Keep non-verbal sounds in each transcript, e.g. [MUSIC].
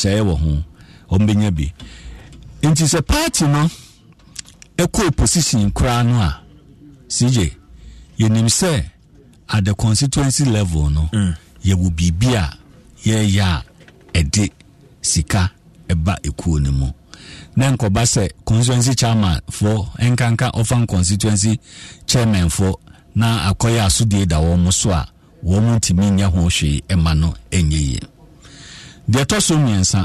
kyerɛeɛ wɔ ho ɔm bi nti sɛ no koraa no a sigye yɛnim sɛ at the constituency level no mm. yɛwɔ biribi a yɛyɛ a ɛde sika ɛba ɛkuo no mu na nkɔba sɛ constituency chairman fo nkanka ɔfan constituency chairman fo na akɔyɛ asodie da wɔn so a wɔn ntumi nyɛ ho hwee ɛma no ɛnyɛ yie. deɛ ɛtɔ so mmiɛnsa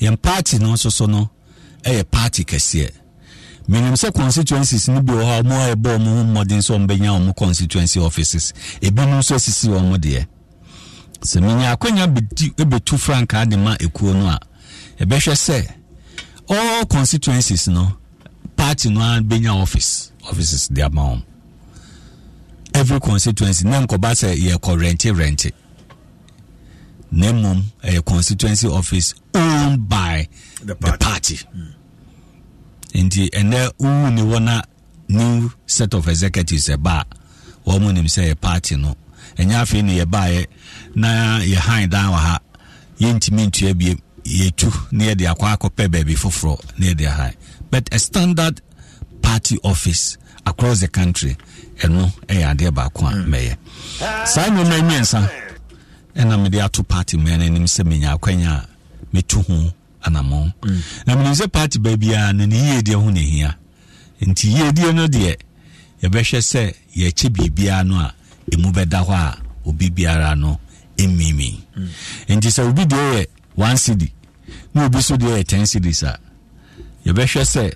yɛn party no nso so no ɛyɛ party kɛseɛ menim sɛ constituencies no bi wɔ hɔ a wɔn a ɛbɔ wɔn ho mmɔden sɛ wɔn bɛnya wɔn constituency offices ebinom nso sisi wɔn deɛ sɛ menya akonnwa bɛtu frankaa de ma ekuo no a ɛbɛhwɛ sɛ all constituencies no party no a bɛnya office offices de ama wɔn every constituency na nkɔba sɛ yɛ kɔ rente rente na mmom ɛyɛ constituency office owned by the party, the party. Mm. nti ɛnɛ wowu ne wɔ na new set of executives ɛba a wɔn mu nim sɛ yɛ party no ɛnyɛ afei ne yɛbaeɛ na yɛ han dan wɔ ha yɛntumi ntua bie yɛtu na yɛde akɔ akɔpɛ baabi foforɔ na yɛde ahan but a standard party office across the country ɛno ɛyɛ adeɛ baako a hmm. mɛyɛ saa nneɛma mmiɛnsa ɛna mede ato party mmɛ no anim sɛ menya akwanya a metu ho anammɔn na menim sɛ party baabiaa no ne yiedie ho nehia nti yiedie no deɛ yɛbɛhwɛ sɛ yɛkyɛ biribiara no a ɛmu bɛda hɔ a obi biara no ɛmmimi nti sɛ obi deɛ yɛ one city na obi so deɛ yɛ ten cities a yɛbɛhwɛ sɛ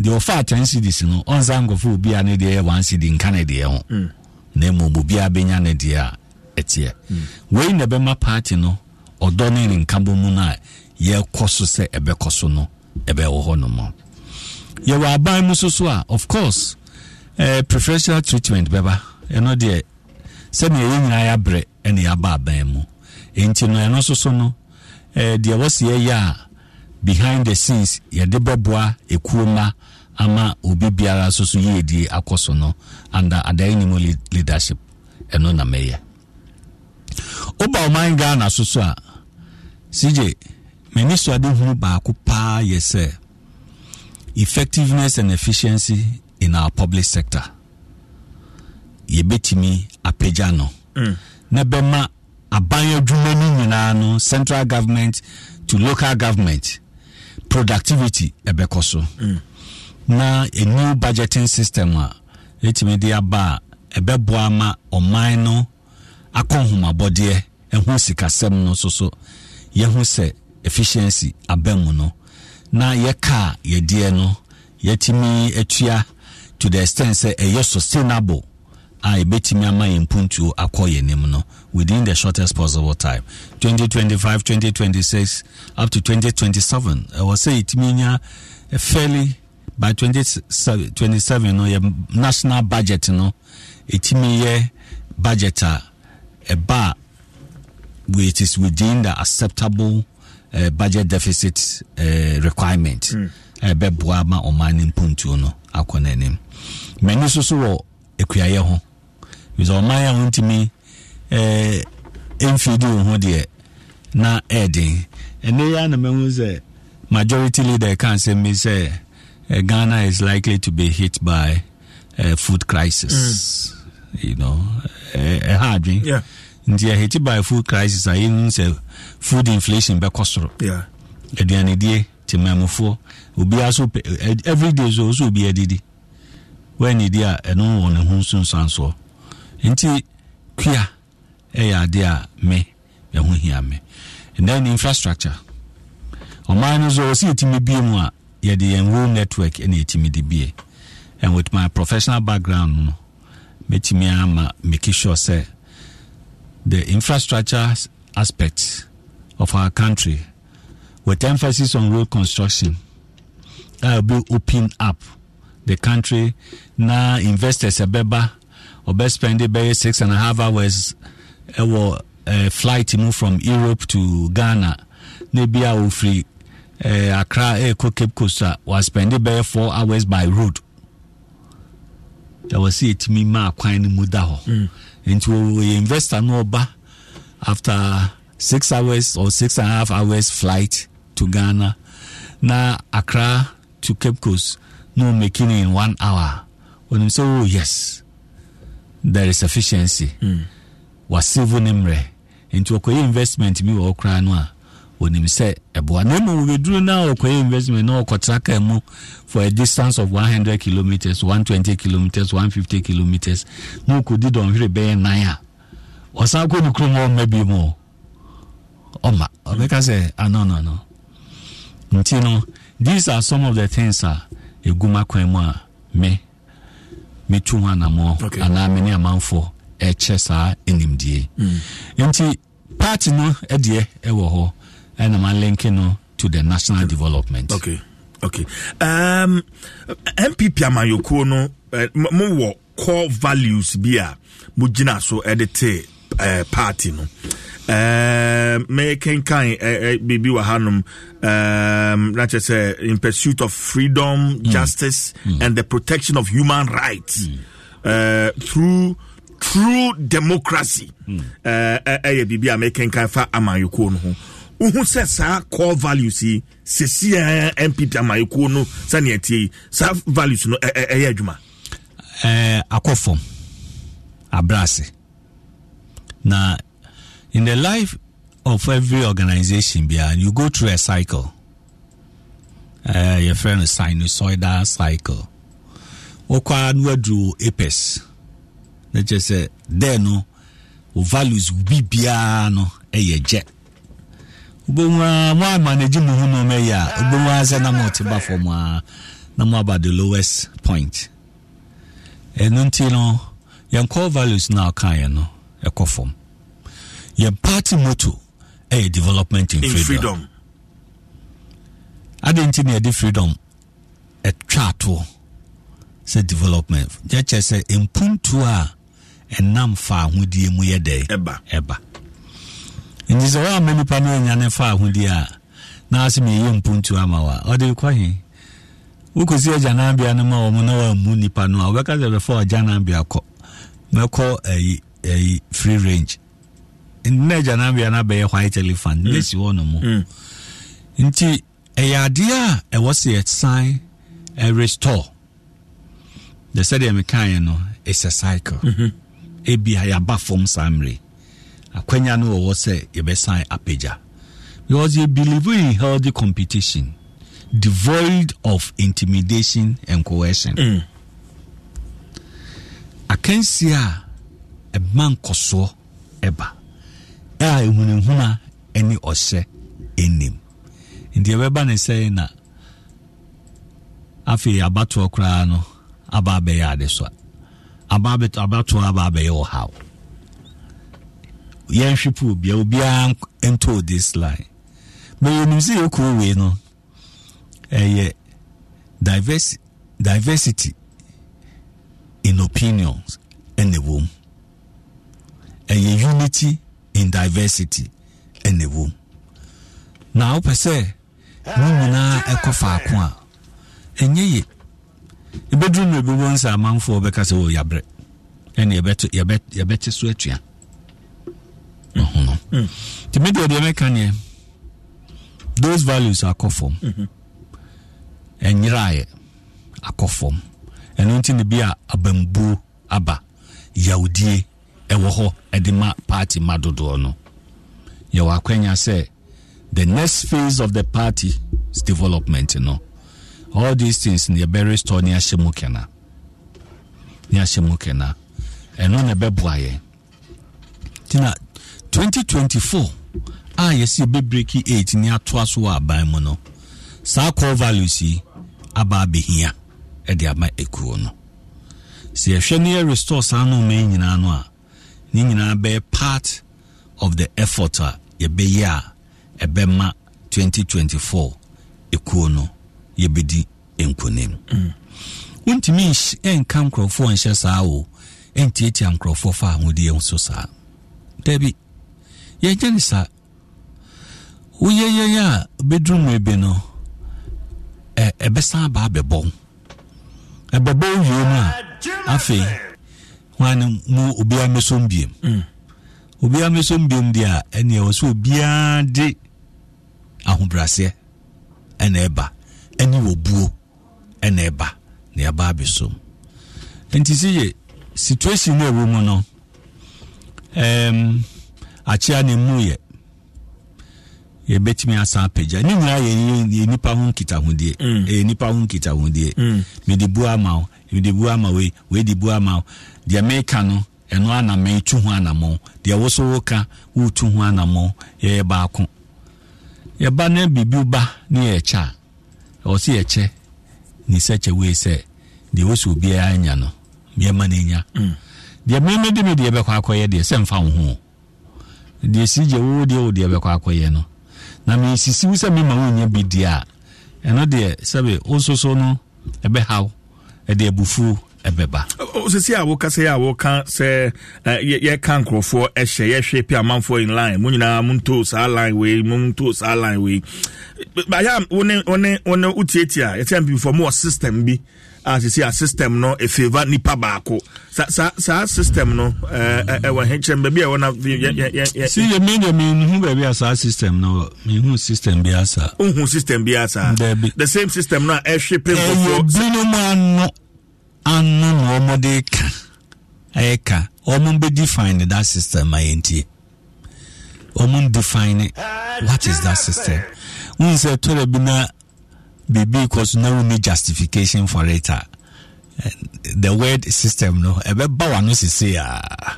deɛ ɔfa ten cities no ɔnsa nkɔfo obi a deɛ yɛ one city nka ne deɛ ho mm. na mmom obiara bɛnya ne deɛ a ɛteɛ wei na ɛbɛma party no ɔdɔ ne ne nkabɔ mu no a yɛrekɔ so sɛ ɛbɛkɔ so no ɛbɛwɔ hɔ nom yɛwɔ aban mu soso a of course eh, preferential treatment bɛba ɛno deɛ sɛnea yɛn nyinaa yɛabrɛ ɛne yɛaba aban mu nti no ɛno soso no deɛ wɔsi yɛyɛ a behind the scenes yɛde bɛboa ekuo ama obi biara soso yiedie akɔ so no under adaenim leadership ɛno na mɛyɛ ọba ọman ghana so a CJ, m'ani so ade hunu baako paa yɛ sɛ effectiveness and efficiency in our public sector yɛbɛtumi apagya no mm. na ma aban adwuma no nyinaa no central government to local government productivity kọ so mm. na a new budgeting system a ɛtumi de aba a ɛbɛboa ama ọman no akɔnhomabɔdeɛ ɛho sikasɛm no nso so yɛho sɛ efficiency abɛn mu no na yɛka a yɛdeɛ no yɛtumi atua to the extent sɛ ɛyɛ sustainable a yɛbɛtumi ama yɛn mpuntuo akɔ yɛn anim no within the shortest possible time 2025 2026 up to 2027 ɛwɔ sɛ yɛtumi nya fairly by 2027 no yɛ national budget no ɛtumi yɛ budget a A bar which is within the acceptable uh, budget deficit uh, requirement ɛbɛboa mm. ma ɔman ne no akonenim. n'anim mɛni nso so wɔ akuayɛ ho bisɛ ɔman a wɔntumi ɛɛ uh, mfidi ho deɛ na ɛɛden ɛnɛ yɛ anamahu sɛ majority leader can say, mi sɛ uh, ghana is likely to be hit by a uh, food crisis mm. you know ɛha eh? adwen nti ɛhɛti by food crisis a yɛhu sɛ food inflation bɛkɔ soro aduanedie temamufoɔ obia so everyday so ɔsɛ obi adidi woanidi a ɛno wɔ ne ho nsonsansoɔ nti kua ɛyɛ adeɛ a me ɛho hia me and then infrastructure ɔman no so ɔsɛ etimi bie mu a yɛde yɛn home network ɛna etimi de bie and with my professional background no mɛtumi ama make sure sɛ the infrastructure aspect of our country with emphasis on road construction that will be open up the country na investors ɛbɛba spend bɛyɛ six and a half hours ɛwɔ uh, flight mu from europe to ghana na bi a ofiri uh, accra ɛrekɔ cape coast a waspɛnde bɛyɛ four hours by road that was see it kwan no mu da hɔ mm. investor no after six hours or six and a half hours flight to ghana na accra to cape coast no making it in one hour When onim say, oh yes there is efficiency mm. wasavo ne mmerɛ nti ɔkɔyɛ investment bi wɔ ɔkora no onim sɛ ɛboa na mmom wɔbɛduru no a ɔkɔyɛ investment na ɔkɔtra mu for a distance of 100 kilometers 120 kilometers 150 kilometers na ɔkɔdi dɔnhwere bɛyɛ nan a ɔsan kɔ ne kurom bi mu ɔma ɔbɛka sɛ ah, nti no these are some of the things a ɛgu ma kwan mu a me metu ho anammɔ anaa me ne amanfoɔ ɛkyɛ saa mm. nti party no ɛdeɛ ɛwɔ hɔ and I'm linking no, to the national development. Okay, okay. Um, MPP Amayoku no, eh, mo wɔ core values bi mujina so ɛde eh, eh, party no. Making kind baby wɔ um. na kyerɛ sɛ in pursuit of freedom mm. justice mm. and the protection of human rights mm. uh, through true democracy mm. uh, uh, uh, biribi a mekenkan fa amanyokuo no ho wohu sɛ saa core values yi sɛsiɛ mpp amayɛkuo no sɛneɛ tie yi saa values no ɛyɛ adwuma akɔ fam abrɛ na in the life of every organization biara you go through a cycle uh, yɛfrɛ no sinusoidal cycle wokɔa anu waduru apes na kyerɛ sɛ there no wo values bi biara no ɛyɛ gyɛ gbogbo a mo amanage mo ho nneɛma yi ah, a gbogbo a sɛ na mo te ba fam a na aba the lowest point ɛno e nti no yɛn core values na ɔka yɛn no ɛkɔ e fam yɛn party motto ɛyɛ e development in, freedom. freedom. adi nti na yɛde freedom ɛtwa atoɔ sɛ development yɛkyɛ sɛ mpuntuo a ɛnam fa ahodie mu yɛ dɛ ɛba nti sɛ woamma nnipa no anya ne fa ahodi a na ase meyɛ mpontu ama wa ɔde kɔhe wokɔsi agyanabea no ma wɔ mo na wammu nnipa no a wobɛka sɛ bɛfa agyanabea kɔ mɛkɔ ayi ayi free range nna agyanabea no abɛyɛ white elephant mm. nesi hɔ no mu mm. nti ɛyɛ adeɛ a ɛwɔ sɛ yɛsan ɛrestore the sɛdeɛ mekaeɛ no is a cycle mm-hmm. ebi yɛaba fam saa mmere akwanya no wɔwɔ sɛ yɛbɛsan apagya because you believe in healthy competition devoid of intimidation and coercion mm. akansie a ɛma nkɔsoɔ ɛba a ehunahuna ɛne ɔhyɛ ɛnim nti ɛbɛba ne sɛn na afei abatoɔ koraa no aba abɛyɛ adesoa aba abatoɔ aba abɛyɛ ɔhaw yɛnhwe pool bia obiara ntoo this line mɛyɛnim sɛ yɛkuo wei no ɛyɛ divers diversity in opinions ɛna ɛwɔ mu ɛyɛ unity in diversity ɛna ɛwɔ mu na wopɛ sɛ mo nyinaa ɛkɔ faako a ɛnyɛ ye ɛbɛduru mmerɛ bi wɔ nsa amanfoɔ bɛka sɛ wɔ yabrɛ ɛne yɛbɛte so atua ho no nti mm. medeɛ deɛ mɛka neɛ those values akɔ fam ɛnyeraeɛ akɔ fam ɛno nti ne bi a abambuo aba yawdie ɛwɔ hɔ ɛde ma party ma dodoɔ no yɛwɔ akwanya sɛ the next phase of the party's development no all these things ne yɛbɛ restore ne ahyɛ mu kɛna ne ahyɛ mu kɛna ɛno na ɛbɛboa yɛn 2024 a yɛsi ɛbɛbreki 8 ni atoa so wɔ aban mu no saa core values yi aba abɛhia ɛde ama ekuo no sɛ yɛhwɛ ne yɛ restore saa nneɛma yi nyinaa no a ne nyinaa bɛyɛ part of the effort a yɛbɛyɛ a ɛbɛma 2024 ekuo no yɛbɛdi nkonim mm. wontumi nka nkurɔfoɔ nhyɛ saa o ntiatia nkurɔfoɔ fa ahodeɛ nso saa dabi yɛgye ne saa woyɛyɛyɛ a bɛduru mu bi no ɛbɛsan aba abɛbɔ ɛbɛbɔ wie mu a afei wane mu obiara mɛsom biem mm. obiara mɛsom biem deɛ a ɛneɛ wɔ sɛ obiara de ahobraseɛ ɛna ɛba ɛne wɔbuo ɛna ɛba na ɛba abɛsom nti sɛ yɛ situation no ɛwɔ mu no um, akyea ne mu yɛ yɛbɛtumi asan apagya ne nyinaa yɛ nipa ho nkitahodie mm. ɛyɛ nipa ho nkitahodie mm. mede bu ama wo mede bu ama wei wei de bu ama wo deɛ meka no ɛno anamɛ tu ho anammɔ deɛ wo woka wotu ho yɛyɛ baako yɛba ba ne a ɛwɔ sɛ yɛkyɛ ne sɛkyɛ wei sɛ deɛ obiara anya no no nya mm. deɛ me deɛ bɛkɔ akɔyɛ deɛ sɛ mfa wo ho deɛ si gye wo deɛ wo deɛ bɛkɔ akɔyɛ no na mesisi wo sɛ mema wonya bi deɛ a ɛno deɛ sɛbe wo soso no ɛbɛhaw ɛde abufuo ɛbɛba sɛsi a woka sɛ a woka sɛ yɛka nkurɔfoɔ ɛhyɛ yɛhwɛ pi amanfoɔ in line mo nyinaa monto saa line wei monto saa line wei ayɛ a wone wotietie a yɛsɛ mpibifoɔ mowɔ system bi asisi a system no efeva nipa baako saa saa saa system no eh, eh, ɛwɔ hɛnkyɛn baabi a ɛwɔ na yɛ yɛ yɛ. si yɛ mi de mi nhu baabi a saa system no mi nhu system bi asa. nhu system bi asa. dɛbi the same system na ɛhwɛ pɛmpɛ. ɛyɛ binom ano ano na wɔn de ka ɛyɛ ka wɔn bɛ define that system a yɛn tie define what is that system n sɛ tɔrɔ bi na. biribi because no need justification for it uh, the word system no ɛbɛba wa no sese a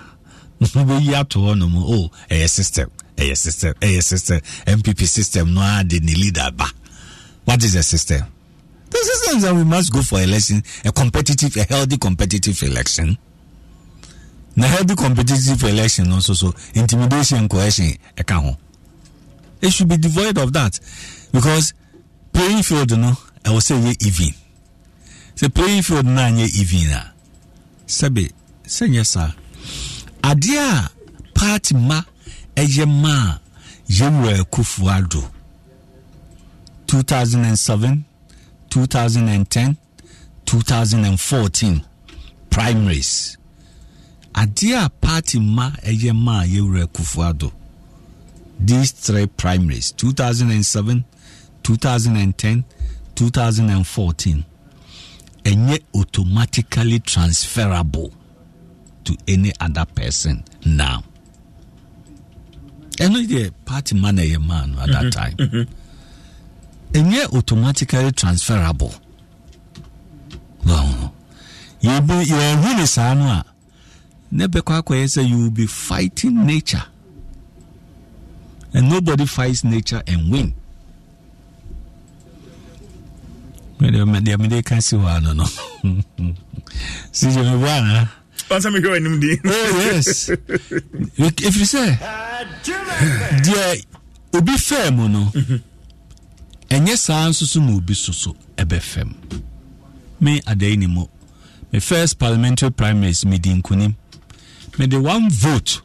wobɛyi ato hɔ no mu o A system a system a system mpp system no a ah, de ne leader ba what is a system the system is that we must go for election a competitive a healthy competitive election na healthy competitive election also so so intimidation coercion a ho it should be devoid of that because playing field no ɛwɔ sɛ ɛyɛ even sɛ playing field no anyɛ even a ah. sɛbe sɛ nyɛ saa adeɛ a party ma ɛyɛ e ma a yɛwura akufo e ado 2007 2010 2014 primaries adeɛ a party ma ɛyɛ e ma a yɛwura akufo ado these three primaries 2007 2010 2014 ɛnyɛ automatically transferable to any other person now ɛno deɛ party man ɛyɛ man at that mm-hmm. time ɛnyɛ mm-hmm. automatically transferable wɔn yɛbu yɛhu ne saa no a ne bɛkɔ akɔyɛ sɛ you will be fighting nature and nobody fights nature and win. deɛ mede ka si hɔ ano no sɛ gyemebo ana ɔsɛ mehwɛ w'anim di oh, yes ɛfiri sɛ deɛ obi fɛɛ mu no ɛnyɛ saa nso so ma obi soso ɛbɛfɛm me adayi ne mu me first parliamentary primaries medi nkonim mede one vote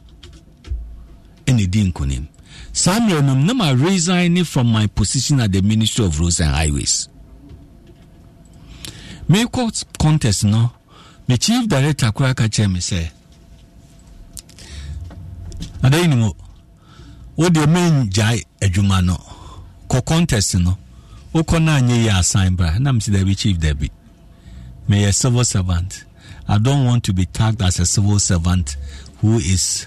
ɛna di nkonim saa mmerɛ no na ma resign from my position at the ministry of roads and highways court contest no me chief director koraa ka kyerɛ me sɛ adayi ni mu wodeɛ mengyae adwuma no kɔ contest no wokɔ no anyɛ yɛ asan bra na mesi dabi chief dabi meyɛ civil servant i don't want to be tagged as a civil servant who is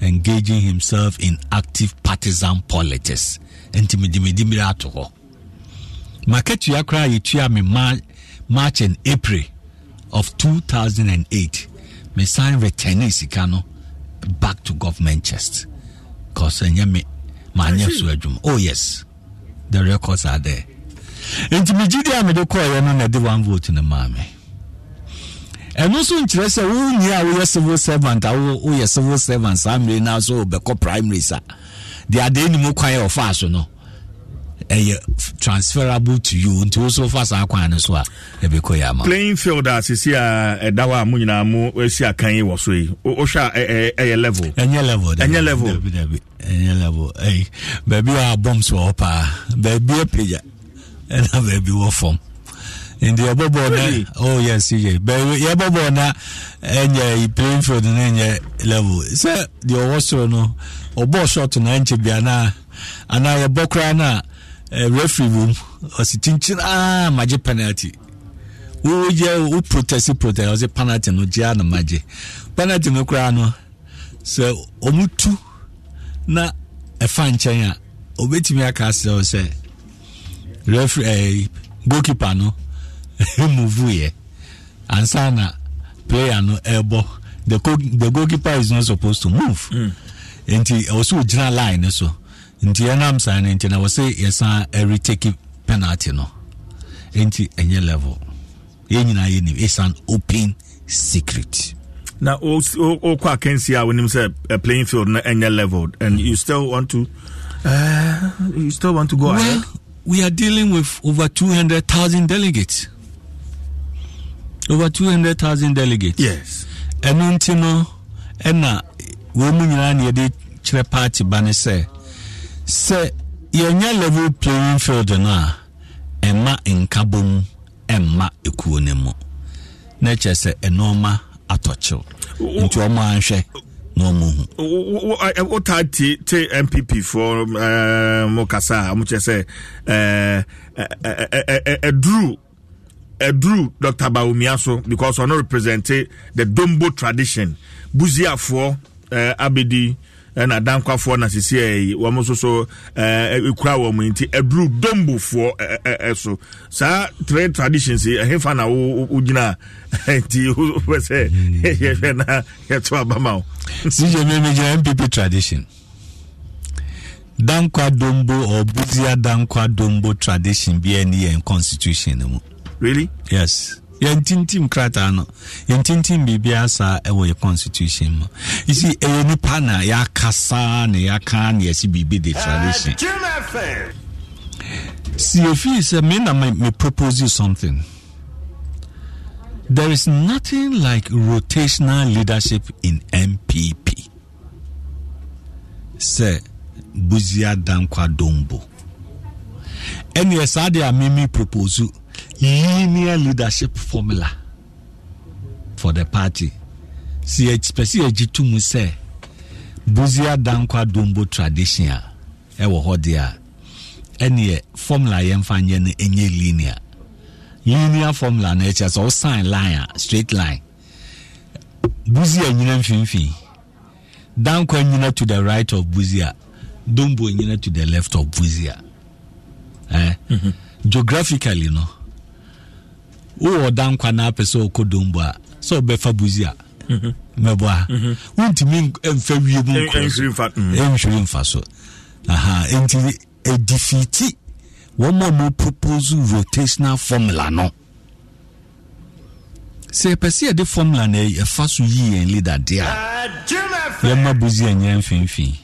engaging himself in active partisan politics nti medemedimire ato hɔ makatua koraa yɛtua mi maa march and april of 2008 me sign returning Sikano back to government chest because ɛnyɛ me maanyɛ so oh yes the records are there nti megye deɛ a mede kɔɔyɛ no na ɛde one vote no maa me ɛno nso nkyerɛ sɛ wonyia a woyɛ civil servant a woyɛ civil servant saa mmere no so wobɛkɔ primaries a deɛ adeɛ nim kwan ɛ ɔfaa so no ɛyɛ transferable to you nti so fa saa kwan no so a ɛbɛkɔ yɛ ama playing field a sisi a ɛda hɔ a mu nyinaa mo asi akan yi wɔ so yi wohwɛ a ɛyɛ level ɛnyɛ level ɛnyɛ level ɛnyɛ level ɛyi baabi a bombs wɔ hɔ paa baabi apagya ɛna baabi wɔ fam nti yɛbɔbɔ na oh yes yɛ yɛbɔbɔ na ɛnyɛ playing field na ɛnyɛ level sɛ deɛ ɔwɔ soro no ɔbɔɔ short na nkyɛ bia na anaa yɛbɔ koraa no a Eh, referee wom ɔsi kyinkyin aa ah, magye penalty wo yɛ wo protest protest ɔsi penalty no gye na magye penalty no koraa no sɛ ɔmo tu na ɛfa nkyɛn a obetumi aka asɛ sɛ referee ɛɛ eh, goalkeeper no [LAUGHS] emuvu yɛ ansa na player no ɛɛbɔ the goalkeeper is not supposed to move mm. nti ɔsi ogyina line so. nti ɛnam saa no nti na wɔsɛ yɛsan ɛretake penalty no nti ɛnyɛ level yɛn nyinaa yɛ nim it's open secret na wokɔ akansi a wonim sɛ eh, playing field no ɛnyɛ level and you still want to uh, you still want to go well, ahead we are dealing with over 200,000 delegates over 200,000 delegates yes ɛno nti no ɛna wɔn mu nyinaa na yɛde kyerɛ party ba ne sɛ sɛ yɛnyɛ level playing field no a ɛma nkabom ɛmma ekuo no mu na kyerɛ sɛ ɛnɔɔma atɔkyew nti ɔmo anhwɛ na ɔmo hu. wotaa tie tie npp foɔ mo kasa a mo kyerɛ sɛ ɛduru ɛduru dr bawumia so because ɔno represente the dombo tradition buziafoɔ abedi. Uh, ɛna dankwafoɔ na sisi ɛyi wɔn nso so ɛɛ ekura wɔn nti ɛduru dombofoɔ ɛɛ ɛso saa three traditions yi ɛhefa na wo wo gyina [LAUGHS] nti wopɛ sɛ mm. [LAUGHS] yɛhwɛ na yɛto abama o. cj mímu gyina npp tradition dankwa dombo or buzia dankwa dombo tradition bi ɛni yɛn constitution mu. really yes yɛntintim krataa no yɛntintim biribiara saa ɛwɔ yɛ constitution mu ɛsi ɛyɛ nipa na yɛaka saa na yɛaka na yɛsi biribi declaration si ofii sɛ me na me propose you something there is nothing like rotational leadership in mpp sɛ buzia dankwa dombo ɛneɛ saa deɛ a me me propose linear leadership formula for the party si pɛ sɛ yɛgye to mu sɛ bozia dankwa dombo tradition a ɛwɔ hɔ a formula yɛmfa nyɛ no ɛnyɛ linear linear formula no ɛkyɛ sɛ line a straight line buzia nyina mfimfini dankwa nyina to the right of buzia dombo nyina to the left of buzia eh? you mm-hmm. know. geographically no wowɔ ɔda nkwa na apɛ sɛ ɔkɔ dombo a sɛ ɔbɛfa buzi a mɛboa wontumi mfa wie mu nhwiri mfa so nti ɛdifiti wɔma mu propose rotational formula no sɛ ɛpɛ sɛ yɛde formula no ɛfa so yi yɛn leader deɛ a yɛma buzia nyɛ mfimfini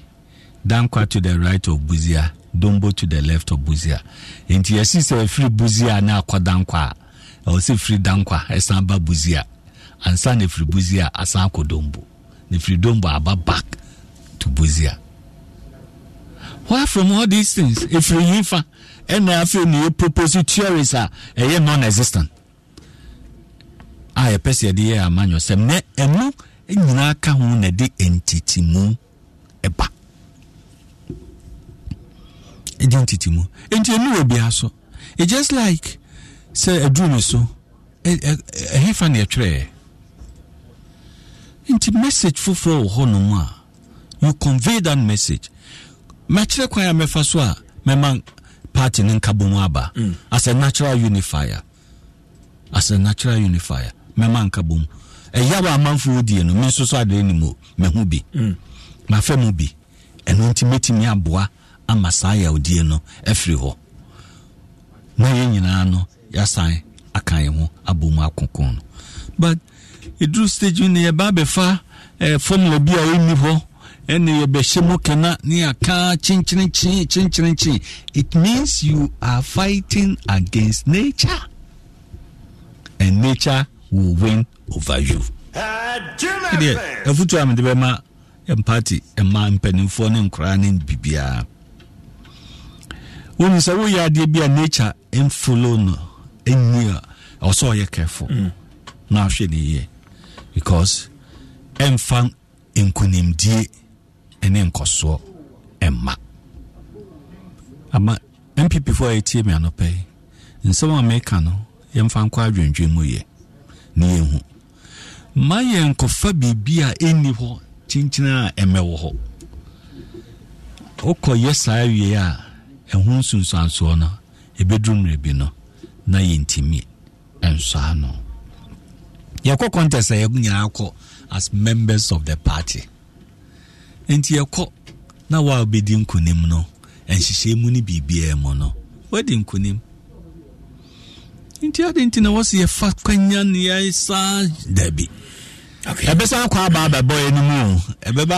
dankwa to the right of buzia dombo to the left of buzia nti yɛsi sɛ ɛfiri buzia ne akɔ dankwa a ɔsɛ firi dankwa ɛsan ba buzia ansa na firi buzia asan akɔ dombo na firi dombo aba back to buzia why from all these things efiri yi fa ɛna afei na yɛ propose theories a ɛyɛ non-existent a yɛpɛ sɛ yɛde yɛ amanyɔsɛm na ɛmu nyinaa ka ho na ɛde ntitimu ɛba ɛde ntitimu nti ɛnu wɔ bia so it just like sɛ aduru me so ɛhefa ne ɛtwerɛɛ nti message foforɔ wɔ hɔ nom a you convey that message mɛkyerɛ kwan a mɛfa so a mɛma party ne nkabom aba mm. as a natural unifier as a natural unifier mɛma nkabom ɛyaw a amanfo wodie no me nso so adeɛ nim o mɛho bi mm. mafɛ mu bi ɛno nti mɛtumi aboa ama saa yawdie no afiri hɔ na yɛn nyinaa no yɛasan aka yɛn ho abɔ mu akoko no but ɛduru stage no yɛba abɛfa eh, formula bi a ɔnni hɔ ɛne yɛbɛhyɛ mu kana ne aka kyenkyerenkyen kyenkyerenkyen it means you are fighting against nature and nature will win over you ɛdeɛ ɛfoto a mede bɛma mpate ɛma mpanimfoɔ ne nkoraa ne biribiaa wohu sɛ woyɛ adeɛ bi a nature ɛmfolo no ɛnwu a ɛwɔ sɛ ɔyɛ kɛfo mm. na ahwɛ ne yie because ɛmfa nkonimdie ɛne nkɔsoɔ ɛmma ama mpp fo a yɛtie me anɔpɛ yi nsɛm a meka no yɛmfa nkɔ adwendwen mu yɛ ne yɛhu ma yɛ nkɔfa biribi a ɛnni hɔ kyinkyina a ɛmɛwɔ hɔ wokɔyɛ saa wie a ɛho nsunsuansoɔ no ɛbɛduru mmerɛ bi no na yɛntimi ɛnsoa no yɛkɔ contest a yɛ nyinaa kɔ as members of the party nti yɛkɔ na wa bɛdi nkonim no nhyehyɛ mu ne biribiara mu no wadi nkonim nti ade nti na wɔsɛ yɛfa kwanya neɛ saa dabi ɛbɛsan kɔ aba abɛbɔ anim o ɛbɛba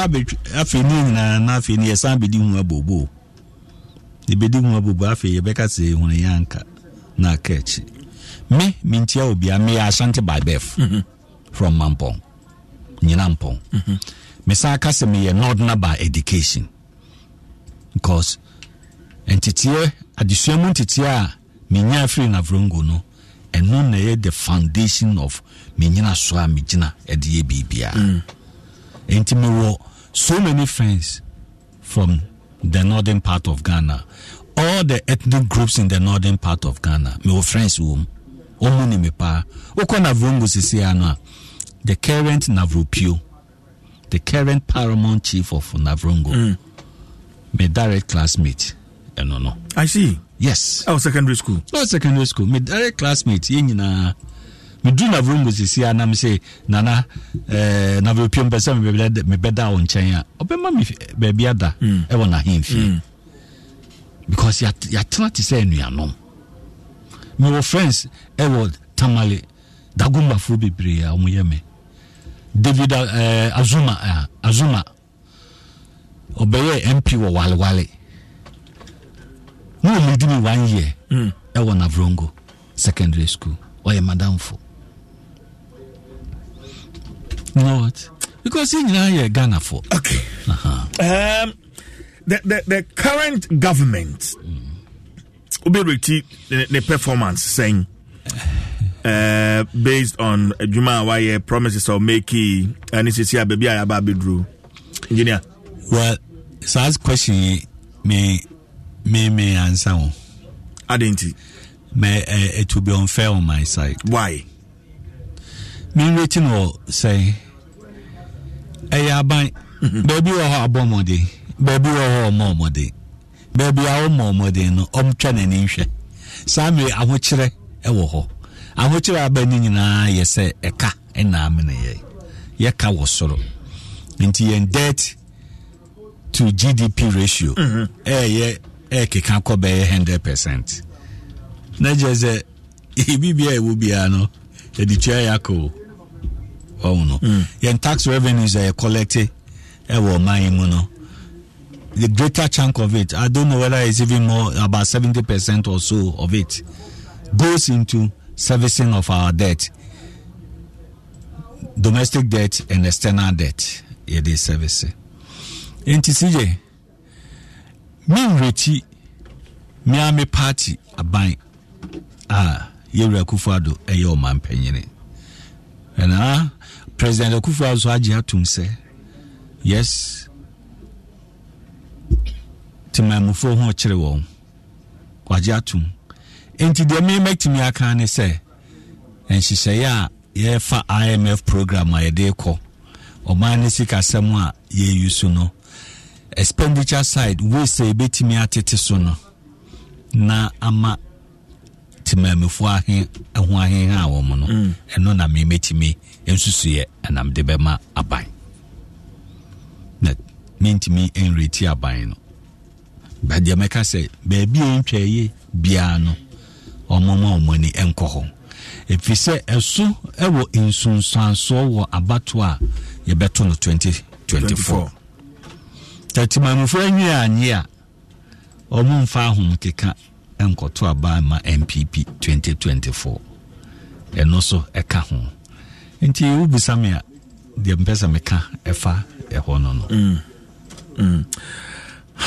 afei ne nyinaa na afei ne yɛsan bɛdi hu abobo ne bɛdi hu abobo afei yɛbɛka sɛ hu ne yɛanka na aka me mentia obia meyɛ asante bibef mm mm-hmm. from mampɔn nyina mpɔn mm -hmm. mesan ka sɛ meyɛ nordna by education because nteteɛ adesua mu nteteɛ a menya firi navrongo no ɛno na ɛyɛ the foundation of menyina so a megyina ɛde yɛ biribiaa mm. enti mewɔ so many friends from the northern part of ghana all the ethnic groups in the northern part of ghana My friends wɔ mu ni ne me paa wokɔ navrongo ano a the current navropio the current paramount chief of navrongo mm. my direct classmate ɛno no i see yes ɛwɔ oh, secondary school ɛwɔ secondary school my direct classmate yɛn nyinaa medu du sisi a nam say nana eh, navropio mpɛ sɛ mebɛda wo nkyɛn a ɔbɛma me baabi ada mm. ɛwɔ mm. n'ahemfie mm because yɛatena te sɛ anuanom mewɔ friends Edward tamale dagombafoɔ bebree a ɔmoyɛ me david uh, azuma uh, azuma ɔbɛyɛ mp wɔ walewale na ɔledi me one year ɛwɔ mm. navrongo secondary school ɔyɛ madamfo you know what because yɛ nyinaa yɛ ghanafoɔ okay. uh -huh. um, the, the, current government will be mm. the performance saying uh, based on Juma a wayɛ promises a ɔmaki ɛne sesi a baby a yɛaba abɛduru engineer well saa question yi me me me answer. ho adɛn nti me uh, it will be unfair on my side why me waiting wɔ sɛ ɛyɛ aban baabi wɔ hɔ abɔ mmɔden baabi wɔ hɔ ɔma ɔmɔden baabi a ɔma ɔmɔden no ɔmtwa n'ani nhwɛ saa ahokyerɛ wɔ hɔ ahokyerɛ aba no nyinaa yɛ sɛ ɛka ɛna nti yɛn debt to gdp ratio ɛyɛ ɛkeka kɔ bɛyɛ 100 percent na gye sɛ biribia ɛwɔ biara no yɛde tua yɛ akɔ no mm. yɛn tax revenues a eh, yɛ collect ɛwɔ ɔman yi the greater chunk of it, I don't know whether it's even more about 70% or so of it, goes into servicing of our debt, domestic debt and external debt. It is servicing. Nti CJ, me nreti me a me party aban a yɛwura kufuado ɛyɛ ɔma mpanyini ɛnaa president akufuado so agye atom sɛ yes nti maamufoɔ ho kyere wɔn wagye atom nti deɛ memɛtumi aka ne sɛ nhyehyɛeɛ a yɛfa imf program a yɛde kɔ ɔman no sikasɛm a yɛyi so no expenditure side wei sɛ yɛbɛtumi atete so no na ama temaamufoɔ ho aheha a wɔ mu no mm. ɛno na memɛtumi nsusueɛ ɛnam de bɛma aban na mentumi nreti aban no deɛ mɛka sɛ baabi a ɛntwaeɛ biara no ɔmoma ɔmo ani nkɔ hɔ ɛfiri sɛ ɛso ɛwɔ nsunsuansoɔ wɔ abato a yɛbɛto no a ɔmo mfa ahom keka nkɔto aba ma npp 2024 ɛno so ɛka e ho nti wobisa e me a deɛ mpɛ sɛ meka ɛfa e ɛhɔ no no mm. Mm.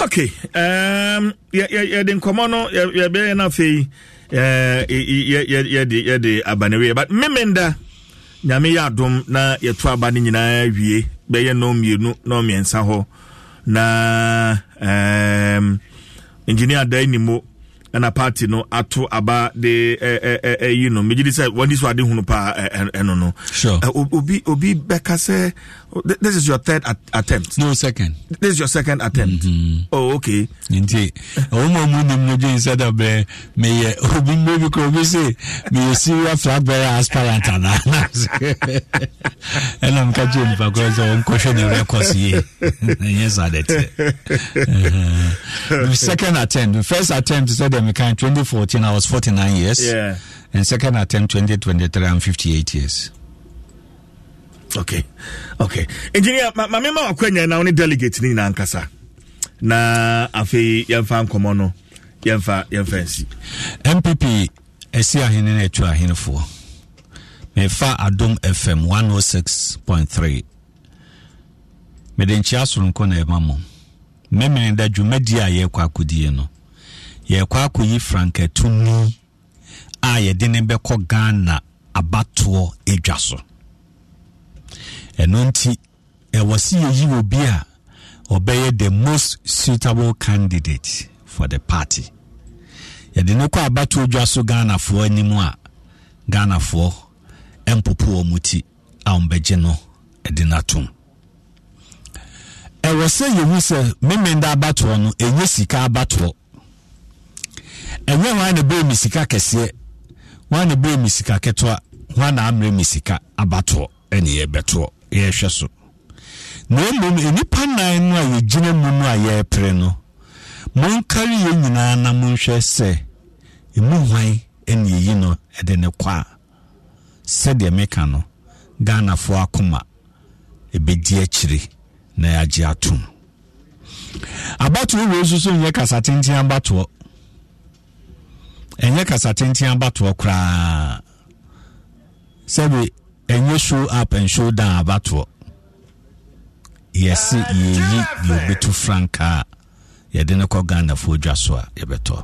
okay um, ehm, yɛde nkɔmmɔ no yɛbɛyɛ no afei yɛde aba no wieɛ but memenda nyame yɛ adom na yɛto aba no nyinaa wie bɛyɛ nɔmmienu nɔmmiɛnsa hɔ na um, engineer dan nimo na party no ato aba de ɛyi eh, eh, eh, no megye di sɛ wɔde so ade hunu paa ɛno no obi obi bɛka sɛ this is your third at attempt no second this is your second attempt mm-hmm. oh okay nti ɔmo mu nim no gye sɛ da bɛ meyɛ obi maybe kɔ obi se meyɛ serial flag bearer aspirant ana [LAUGHS] ɛna mka gye nipa korɔ sɛ ɔnkɔhwɛ ne records yie ɛnyɛ saa dɛ tɛ second attempt first attempt sɛ dɛ mekan 2014 I was 49 years. Yeah. And second attempt 2023 I'm 58 years. Okay. Okay. Engineer, my ma mema akwanya na one delegate ni na nkasa. Na afi yɛmfa oh nkomo no yɛmfa yɛmfa nsi. MPP ɛsi ahene na fo me fa Adom FM 106.3. Mede nkyia soronko na ɛma mo. Memene da dwumadi a yɛkɔ akodie no. yɛrekɔ akɔyi frankatuni a yɛde ne bɛkɔ ghana abatoɔ adwa so ɛno nti ɛwɔ si yɛyi wɔ bi a ɔbɛyɛ the most suitable candidate for the party yɛde no kɔ abatoɔ dwa so ghanafoɔ anim a ghanafoɔ mpopo wɔn mu ti a wɔn no de no atom ɛwɔ sɛ yɛhu sɛ memenda abatoɔ no ɛnyɛ sika abatoɔ ɛnyɛ a na bɛɛ mi sika kɛseɛ hwan na bɛɛ mi sika ketewa hwan na amere mi sika abatoɔ ɛna yɛbɛtoɔ yɛrehwɛ so na mmom nipa nan no a yɛgyina mu no a yɛrepere no monkari yɛn nyinaa na monhwɛ sɛ emu hwan ɛna yɛyi no ɛde ne kɔ a sɛdeɛ meka no ghanafoɔ akoma ebedi akyire na agye atom abatoɔ wei nso so nyɛ kasa tenten abatoɔ ɛnyɛ kasa tenten abatoɔ koraa sɛbi ɛnyɛ show up and show down abatoɔ yɛsi eh, yɛyi deɛ obetu frankaa yɛde ne kɔ ghana fo dwa so a yɛbɛtɔ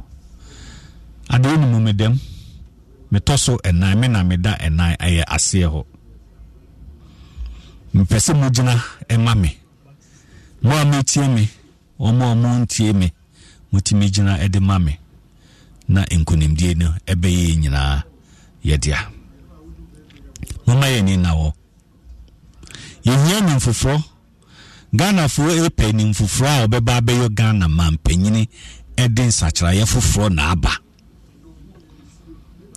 adeɛ no mu me dɛm metɔ so ɛnan me na meda ɛnan ɛyɛ aseɛ hɔ mpɛ sɛ mogyina ɛma me mo a metie me ɔmo a mo ntie me motumi gyina ɛde ma me na nkonimdie no ɛbɛyɛ nyinaa yɛdea momma yɛni na wɔ yɛhia nim foforɔ ghanafoɔ ɛpɛ nim foforɔ a ɔbɛba bɛyɛ ghana mampanyini ɛde nsakyeraeɛ foforɔ na aba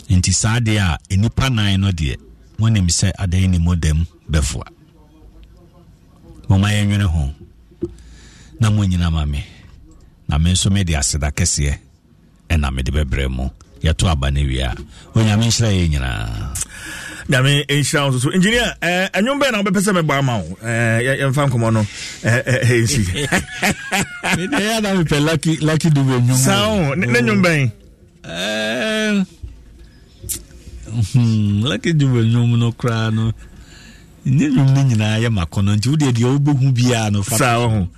nti saa deɛ a nnipa nan no deɛ wɔnim sɛ adan ne mɔdam bɛfoa momma yɛnwene ho na mo nyina ma me na me nso mede aseda kɛseɛ ɛna mede bɛbrɛ mu yɛto aba no wie a onyame nhyira yɛ nyinaa nyame nhyira wo so so engineer eh, ɛnwom bɛɛ na wobɛpɛ sɛ mɛbɔ ama wo eh, yɛmfa nkɔmmɔ no ɛnsi eh, [LAUGHS] ɛyɛna mepɛ lucky dube nwum saa wo ne nwom bɛn hmm, lucky dube nwum no koraa no nye nnwom no nyinaa yɛ makɔnɔ nti wodeɛ deɛ wobɛhu biaa no saa wo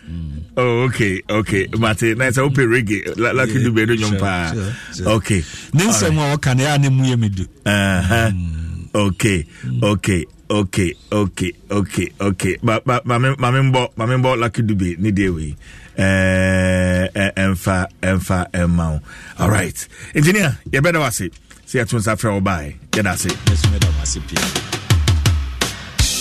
Oh, okay, okay. Mate, na sɛ wopɛ rege lake du bɛdo nnwom paa okay ne nsɛm a wɔka no ɛa ne mu medu mm. okay okay okay okay okay okay mame mbɔ mame mbɔ lake dube ne deɛ wei eh, eh, ɛmfa ɛmfa ɛma wo all right engineer yɛbɛda w ase sɛ yɛto nsa frɛ wo baɛ yɛda ase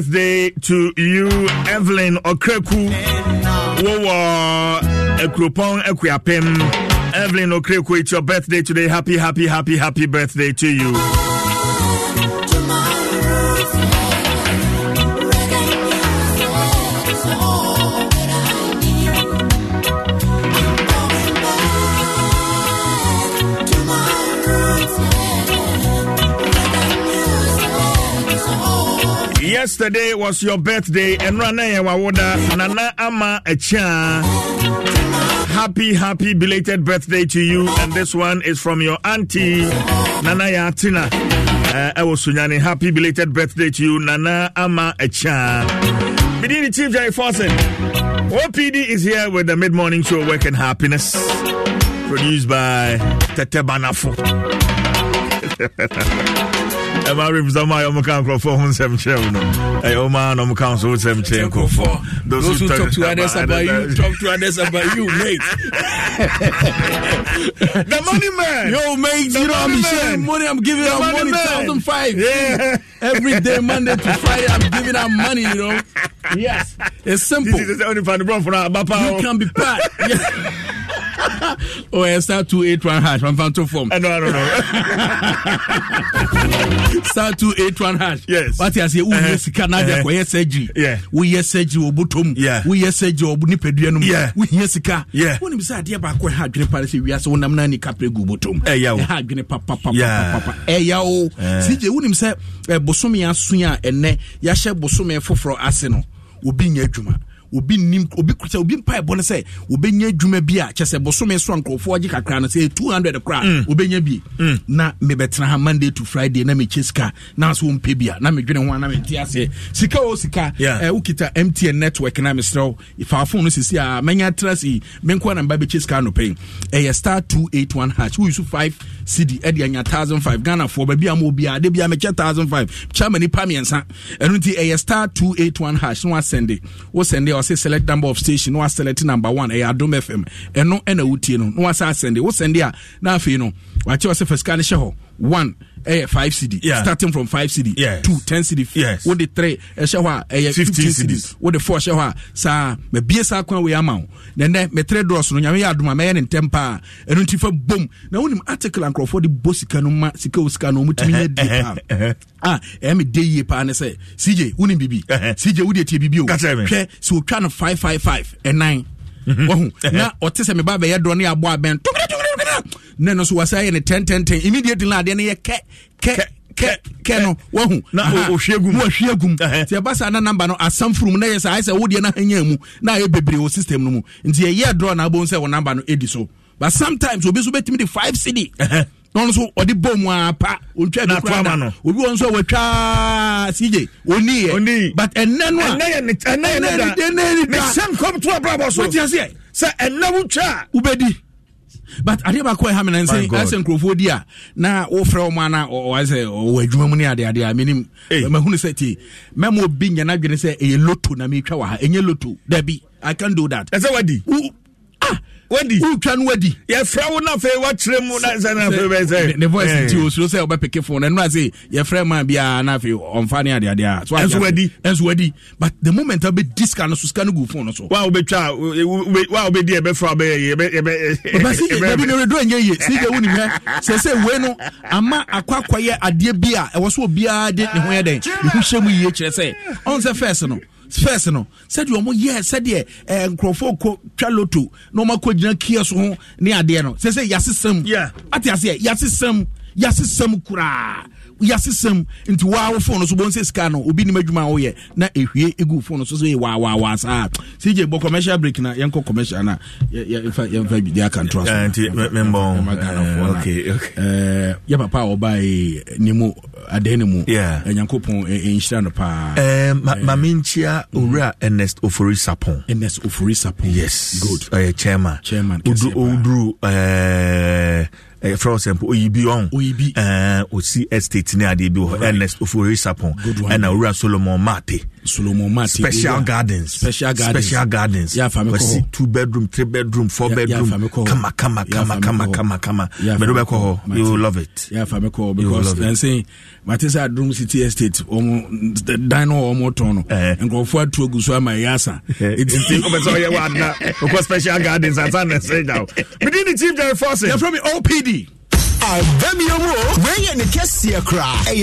birthday to you, Evelyn Okreku. Wowɔ Ekuropɔn Ekuapem. Evelyn Okreku, it's your birthday today. Happy, happy, happy, happy birthday to you. yesterday was your birthday ɛnurana ya wawoda nana ama ɛkyaa happy happy belated birthday to you and this one is from your auntie nana Tina. ɛwɔ eh, uh, sunyane happy belated birthday to you nana ama ɛkyaa bidini chief jerry fawson opd is here with the mid-morning show work and happiness produced by tete banafo [LAUGHS] ɛma refusal ma yɛ ɔmo nkurɔfoɔ ho nsɛm kyerɛ wo no ɛyɛ ɔma na ɔmo nso ho nsɛm kyerɛ nkurɔfoɔ those who talk to others about you talk to others [LAUGHS] about you the money man yo mate you know I'm sharing money I'm giving out thousand five every day Monday to Friday I'm giving out money you know yes it's simple this is the only fan the for now you can be part [LAUGHS] [LAUGHS] oh, yeah, star two eight one hash. I'm found to form. Uh, no, no, know. star two eight one hash. Yes. What you say? Uye uh-huh. sika na dia uh-huh. kwa yeseji. Yeah. Uye seji obutom. Yeah. Uye seji obuni pedua num. Yeah. Uye sika. Yeah. Woni bisa adia ba kwa ha dwene pare se wiase wonam na ni kapre gubutum. botom. Eh ya o. Ha dwene pa pa pa pa pa. Eh ya o. Eh. Sije woni mse eh, bosome asoa ene ya hye bosome foforo ase no. Obi nya adwuma obi nim obi kuta obi mpa ɛbɔ no sɛ obɛnya adwuma bi a kyɛ sɛ bosome so a nkurɔfoɔ agye kakra no sɛ 200 koraa mm. obɛnya bi mm. na mebɛtena ha monday to friday na mekyɛ sika na so wompɛ bi a na medwene ho a na mente aseɛ sika o sika yeah. Eh, wokita mtn network na meserɛ wo faafo no sisi a mɛnya tra si menkoa na mba bɛkyɛ sika anɔpɛ ɛyɛ eh, star 281 hatch woyusu 5 cd ɛde anya 1005 ghanafoɔ baabi a ma obiaa de bia mekyɛ 1005 kyɛ ma nipa mmiɛnsa ɛno nti ɛyɛ eh, star 281 hash na woasɛnde wosɛnde say select number of station na select number one ɛyɛ adum fm ɛno ɛna wotie no na wasa asɛnde wosɛnde a na afei no wakyɛ ɔsɛ fasika no hyɛ hɔ one ɛyɛ eh, five cd yeah. starting from five cd yes. two ten cd yes. wode three eh, ɛhyɛ hɔ a ɛyɛ eh, fifteen cds wode four ɛhyɛ hɔ a saa mɛbie saa kwan wei ama wo nɛnɛ mɛtire dɔɔso no nyame yɛ adoma mɛyɛ ne ntɛm paa ɛno nti fa bom na wonim article ankurɔfoɔ de bɔ sika no ma sika o sika no ɔmutumi yɛ di paa a [LAUGHS] ah, ɛyɛ me de yie paa ne sɛ cj wonim bibi [LAUGHS] cj wode atie biribi o hwɛ sɛ wɔtwa no five five five ɛnan [LAUGHS] wahu na ɔte sɛ meba bɛyɛ dɔ ne yɛabɔ abɛn tomdɛtom na ɛno nso wɔsa ten ten tɛntɛntɛn immediately na adeɛ no yɛ kɛ kɛ kɛ kɛ no wahu ohwie gum ohwie gum ti ɛba saa na namba no asam furu na yɛ saa ayɛ sɛ wodeɛ no ahanya mu na ayɛ bebree wɔ system no mu nti ɛyɛ draw na abom sɛ wɔ namba no ɛdi so but sometimes obi nso bɛtumi de five cd wọn nso ọdi bọ mu apa otwa bi kura da obi wọn nso wọtwa cj oni yɛ but ɛnɛ no a ɛnɛ yɛ nita ɛnɛ yɛ nita ɛnɛ yɛ nita mɛ sɛn kɔm tó abrabɔ so wọ́n ti yɛ sɛ ɛnɛ wotwa wubedi. but adeɛ baako ɛha me nansɛ asɛ nkurɔfoɔ di a na wofrɛ ɔm ana sɛ ɔwɔ adwuma mu ne adeadeɛ a menim mahunu sɛ tie mɛma obi nyɛ no adwene sɛ ɛyɛ loto na meretwa wɔ ha ɛnyɛ loto dabi i can do that ɛsɛ wadi wadi wotwa no wadi yɛfrɛ wo no afei wakyerɛ mu na sɛ na afei bɛ sɛ ne voice eh. nti osuro sɛ wobɛpeke fo no ɛno ase yɛfrɛ ma a na afei ɔmfa ne adeade a so ɛnso wadi ɛnso wadi but the moment a wobɛdi sika no so sika no gu fo no so wa wobɛtwa eh, wa wobɛdi yɛbɛfra bɛyɛ yɛbɛbi eh, ne redo ɛnyɛ ye sɛ yɛ wo nim hɛ sɛ sɛ wei no ama akɔakɔyɛ adeɛ bi a ɛwɔ so obiara de ne ho yɛ dɛn ne ho hyɛ mu yie kyerɛ sɛ ɔn sɛ fɛs no first no sɛdeɛ ɔmo yɛ sɛdeɛ ɛɛ nkurɔfoɔ kɔ twa loto na ɔmo akɔ gyina kie so ho ne adeɛ no sɛ sɛ yasesɛm ate aseɛ yasesɛm yasesɛm koraa yasesɛm nti waa wo phone so bɔnsɛ sika no obi nim adwuma a woyɛ na ɛhwie gu phone so so yɛ waawaawaa saa sgye bɔ commercial break na yɛnkɔ commercial no yɛmfa dwidi aka ntoa yɛ papa a eh, wɔbae ne mu adan no mu nyankopɔn ɛnhyira no paa ma eh. menkyia owura ernest ofori sapon ernest ofori sapon yes good ɔyɛ eh, chairman chairman ɔduru eh, for example oyibi ɔn oyibi ɛɛ eh, osi estate ne adeɛ bi wɔ hɔ ernest ofori sapon ɛna owura solomon maate solomon ma special yeah. gardens special gardens special gardens yeah, wasi two bedroom three bedroom four yeah, bedroom yeah, kama kama yeah, kama kama kama kama mɛdo bɛ kɔ you will love it yeah, fami kɔ because ɛnsɛn mate sɛ adum city estate ɔmo dan no ɔmo tɔn no eh. nkurɔfoɔ atu ogu so ama ɛyɛ asa ɛtinti eh. ɔbɛ sɛ ɔyɛ wa adina ɔkɔ special gardens ansa na ɛsɛ gya o mede ne chief jerry forces yɛfrɛ me opd ɛbɛmio mu o weyɛ ne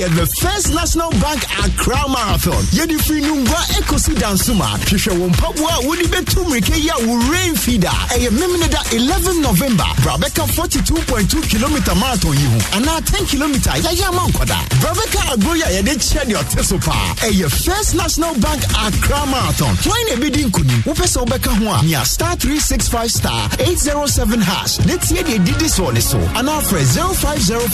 the first national bank accra marathon yɛde firi nungua ɛkɔsi dansoma hwehwɛ wo mpaboa a wode bɛtu mmirika yi a wo rain feeda ɛyɛ memene da 11 november brabɛka 42.2 kilometer marathon yi ho anaa 10 kilometer yɛyɛ ama nkɔda brabɛka agoro a yɛde kyerɛ deɛ ɔte so paa ɛyɛ first national bank accra marathon hwan na ɛbɛdi nkonim wopɛ sɛ wobɛka ho a nea star 365 star 807 hash ne tie deɛ didi soɔ ne so anaa frɛ 0 0505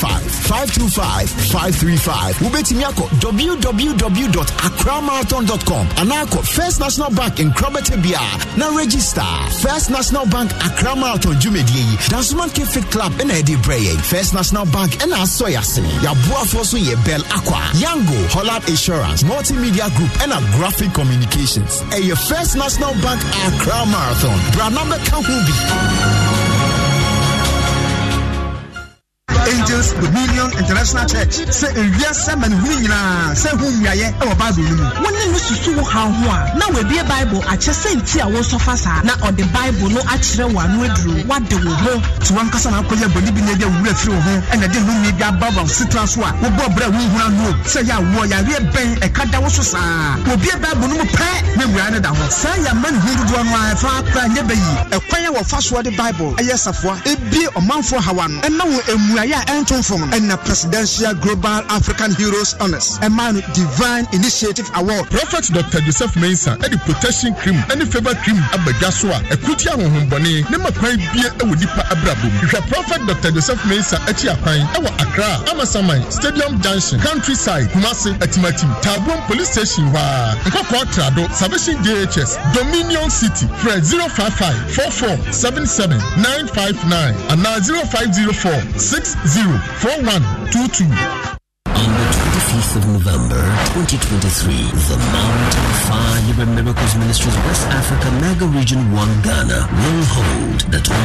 525 535 wobɛtumi akɔ www.akramarathon.com anaa akɔ first national bank nkrabɛtɛ bia na register first national bank akra marathon dwumadie yi dansoman kefit club na ɛde brɛ yɛn first national bank na asɔ yɛ ase yɛaboafoɔ so yɛ bell aqua yango holland insurance multimedia group na graphic communications ɛyɛ first national bank akra marathon bra na bɛka ho bi angels dominion international church sɛ ewia sɛ manehunu nyinaa sɛ hu mmuaeɛ wɔ bible no mu wone no susu wo haw ho a na wɔabie bible akyɛ sɛ nti a wɔresɔfa saa na ɔde bible no akyerɛ wɔ ano aduro woade wo ho nti wankasa na akɔyɛ bɔne bi na bi a wowura firi wo ho ɛna de homi bi aba wa sitra so a wobɔ berɛ a wonhuna no sɛ yɛ awoɔ yareɛ bɛn ɛka da wo so saa wɔbie bible no mu pɛ na mmura no da ho saa yɛ ama ne ho dodoɔ no a ɛfa akora nyɛ bɛyi ɛkwan a wɔfa soɔ de bible ɛyɛ safoa ɛbie ɔmanfoɔ hawa no ɛma wo mmua nkaeɛ a ɛnto fom no ɛna presidential global african heroes honors ɛma divine initiative award prophet dr joseph mensa ɛde protection cream ɛne favour cream abadwa so a ɛkuti ahohombɔne ne ma kwan bie ɛwɔ nipa abrabom hwehwɛ prophet dr joseph mensa akyi akwan ɛwɔ accra amasaman stadium junction countryside kumase atimatim taabuom police station hɔ a nkɔkɔɔ trado salvation DHS. dominion city fred zero five five four four seven seven nine five nine and na zero five zero four six. On the 25th of November 2023, the Mount of Fire Miracles Ministries West Africa Mega Region 1 Ghana will hold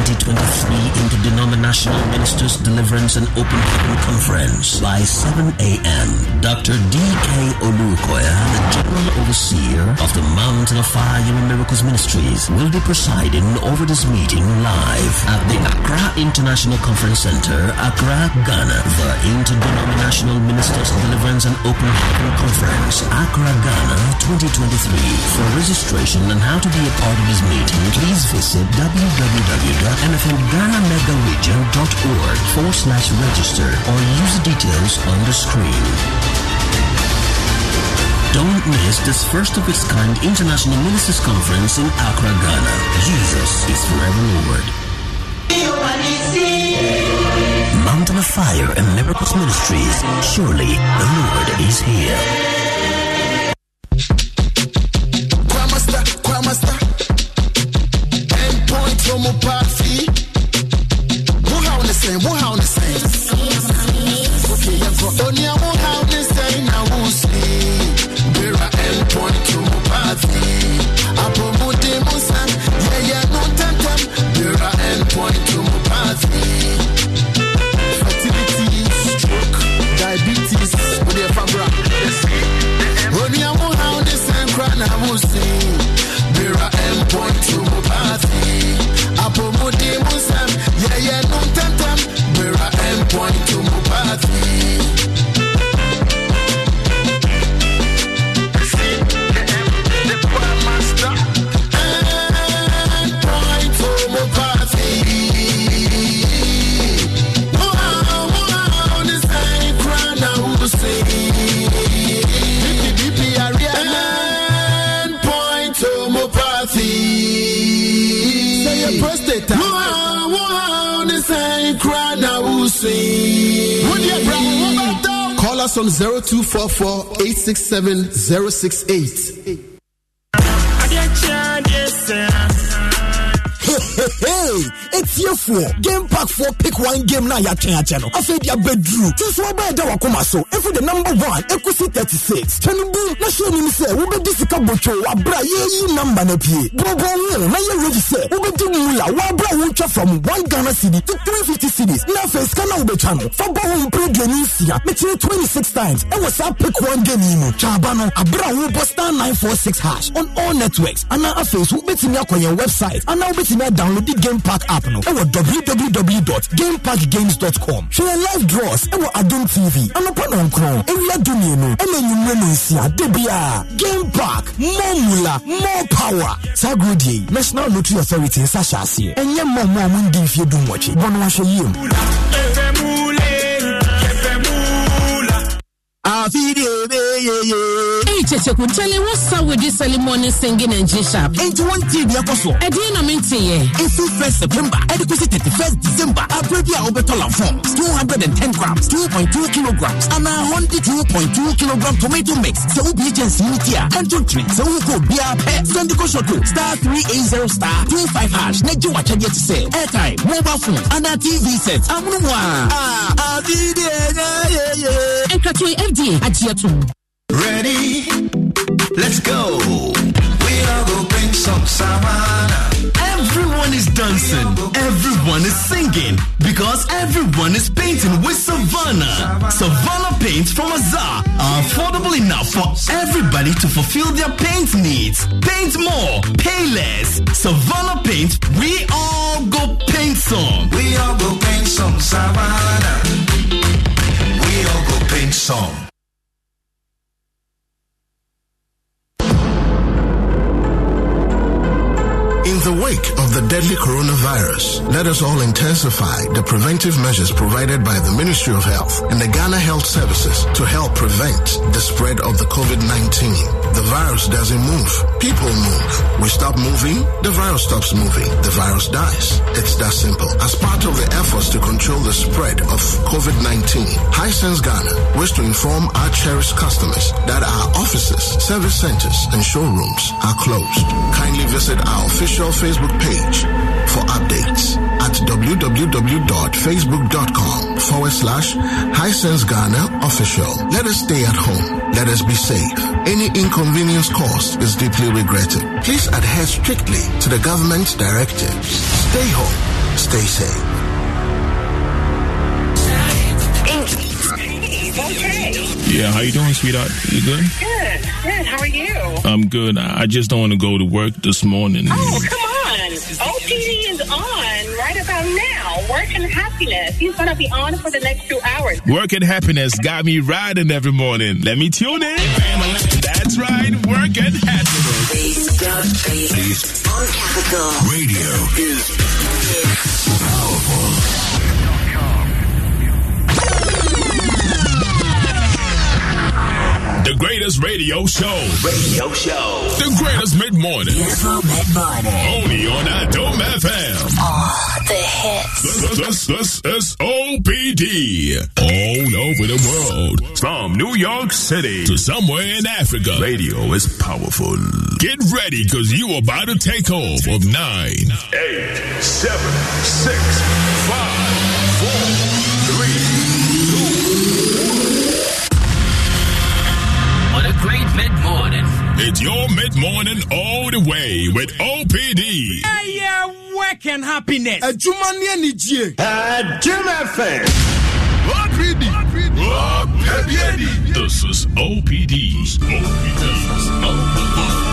2023 Interdenominational Ministers Deliverance and Open Heaven Conference by 7 a.m. Dr. D.K. Olukoya, the General Overseer of the Mountain of Fire and Miracles Ministries, will be presiding over this meeting live at the Accra International Conference Center, Accra, Ghana. The Interdenominational Ministers Deliverance and Open Heaven Conference, Accra, Ghana 2023. For registration and how to be a part of this meeting, please visit www mfmghana.org forward slash register or use the details on the screen. Don't miss this first of its kind international ministers conference in Accra, Ghana. Jesus is forever Lord. Mountain of Fire and Miracles Ministries. Surely the Lord is here. Sonia Dial us on 0244 867 068 one game na yɛatwɛn akyɛ no afei de abɛduru ti nso wɔbɛyɛ da wakoma so efi the number one ekusi thirty six twɛn bu na hyɛn mu sɛ wobɛdi sika botwo wabra yɛyi namba na pie borɔbɔn wo na yɛ ready sɛ wobɛdi mula wabra wotwa from one ghana city to three fifty cedis na afei sika na wobɛtwa no fa bɔ ho mpere duoni nsia mekyerɛ twenty six times ɛwɔ saa pick one game yi mu twaaba no abra wo bɔ star nine four six hash on all networks ana afei so wobɛtumi akɔ yɛn website ana wobɛtumi adownload the game pack app no ɛwɔ www gameparkgames.com hwɛ live draws wɔ adom tv anɔpa nankron awia dumienu ɛna anwummerɛ no nsia da bia game park more mula more power saa agorɔ deɛ yi national lottery authority nsa hyɛ aseɛ ɛnyɛ mma mma a mo ndi mfeɛ dumwɔkye bɔ no ahwɛ yie mu HHA Kuntele, what's up with this early morning singing and G sharp? Ain't one TV apostle. A day na mint ye. If first September, adequacy 31st December, a previa obetola form, 210 grams, 2.2 kilograms, and a 102.2 kilogram tomato mix. So ubi Mutia, and country, so we could be a pet. Send the kosho to star 380 star 25 hash. Next you watch to sell. airtime, mobile phone, and a TV set. I'm one. Ah, ah, video, yeah, yeah, yeah. And Katui FD die agye to ready let's go we are go bring some savannah Everyone is dancing, everyone is singing, because everyone is painting with Savannah. Savannah paints from Azar are affordable enough for everybody to fulfill their paint needs. Paint more, pay less. Savannah paint, we all go paint some. We all go paint some Savannah. We all go paint some. the wake of the deadly coronavirus, let us all intensify the preventive measures provided by the Ministry of Health and the Ghana Health Services to help prevent the spread of the COVID-19. The virus doesn't move. People move. We stop moving, the virus stops moving. The virus dies. It's that simple. As part of the efforts to control the spread of COVID-19, Hisense Ghana wishes to inform our cherished customers that our offices, service centers, and showrooms are closed. Kindly visit our official Facebook page for updates at www.facebook.com forward slash Sense Ghana official. Let us stay at home. Let us be safe. Any inconvenience caused is deeply regretted. Please adhere strictly to the government's directives. Stay home. Stay safe. Yeah, how you doing, sweetheart? You good? Good, good. How are you? I'm good. I just don't want to go to work this morning. Oh, come on. OPD is on right about now. Work and happiness. He's going to be on for the next two hours. Work and happiness got me riding every morning. Let me tune in. That's right. Work and happiness. Capital. Radio is powerful. The greatest radio show. Radio show. The greatest mid morning. Beautiful mid morning. Only on Dome FM. Oh, ah, the hits. This is OPD. All over the world. From New York City to somewhere in Africa. Radio is powerful. Get ready because you are about to take off of nine, eight, seven, six, five. mid morning. It's your mid morning all the way with OPD. Yeah, yeah, work and happiness. A Juman Yenijie. A Jim FM. OPD. OPD. This is OPD. This is OPD.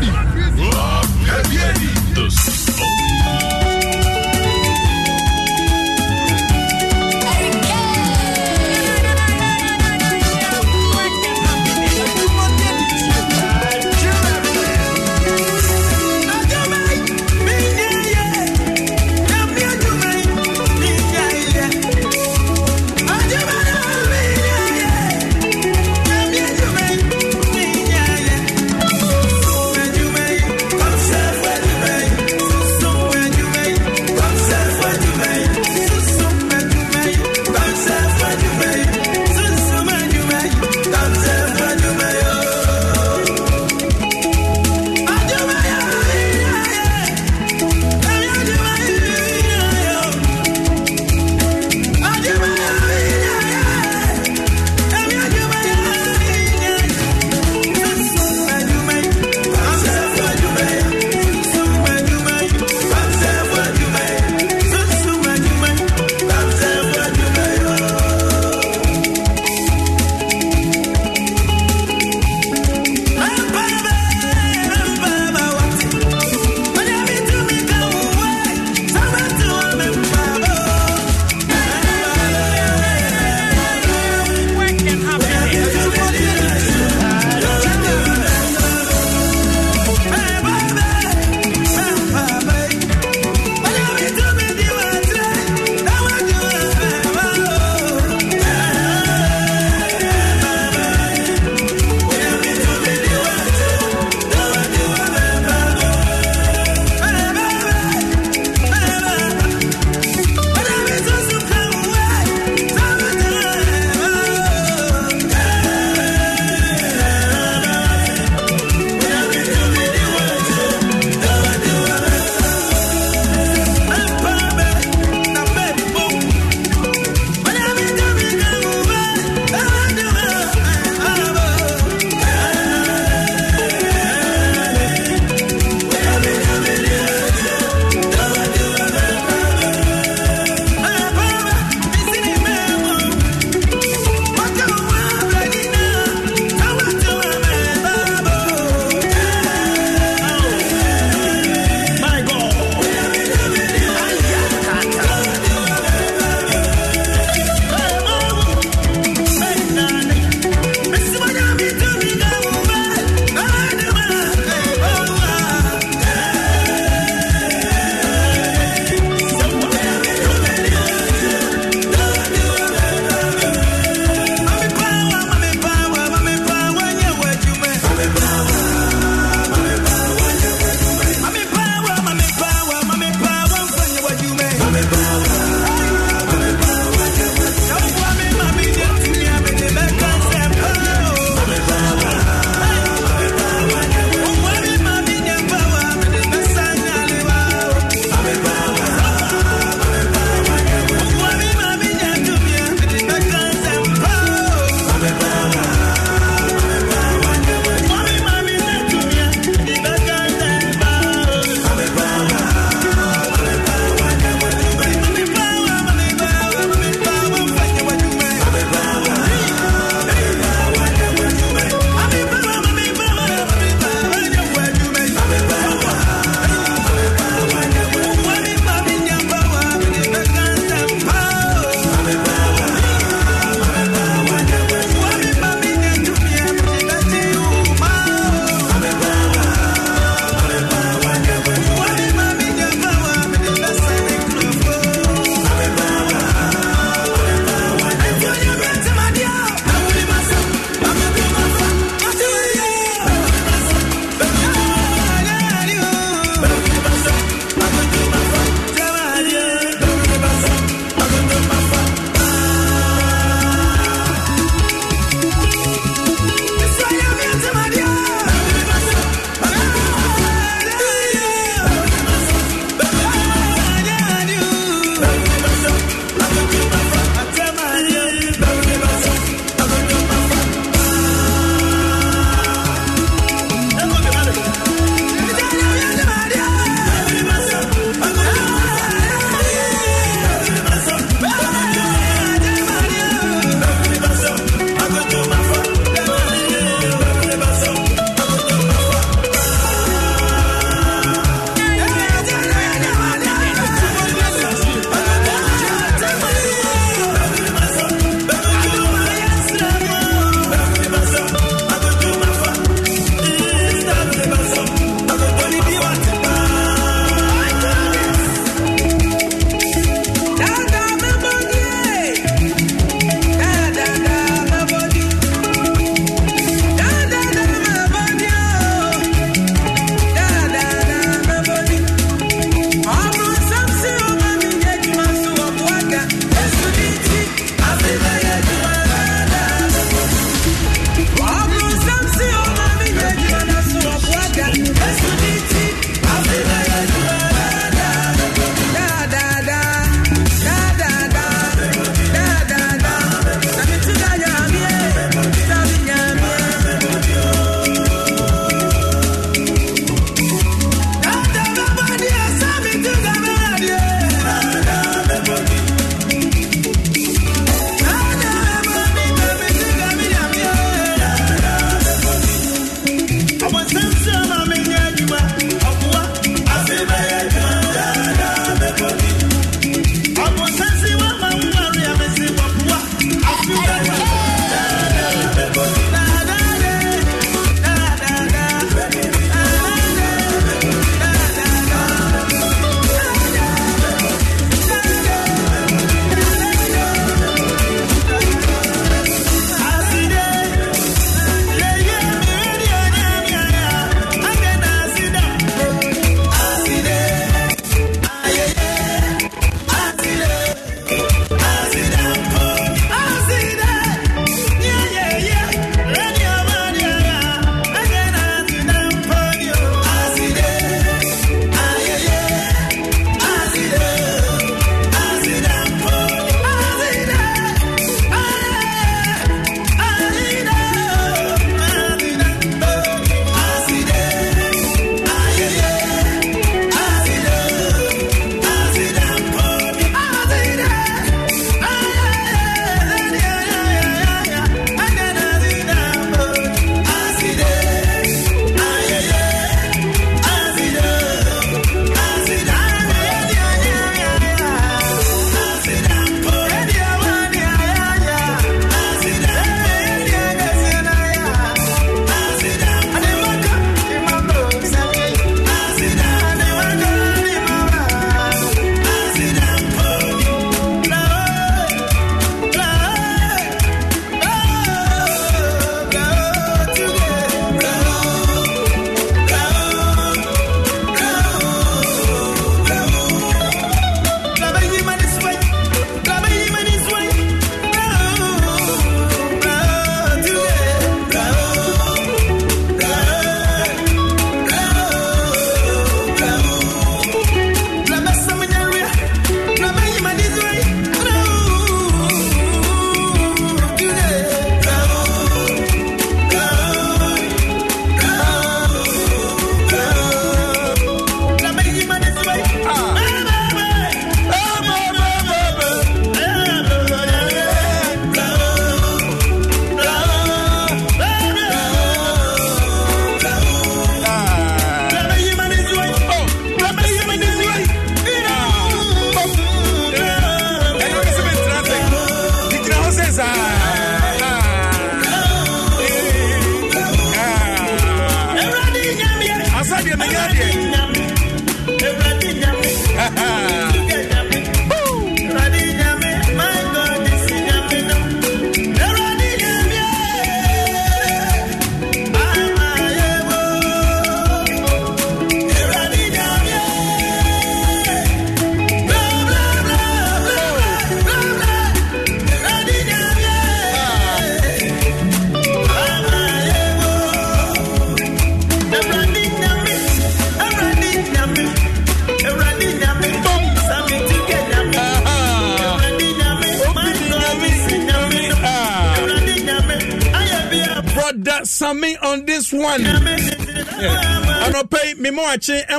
baby.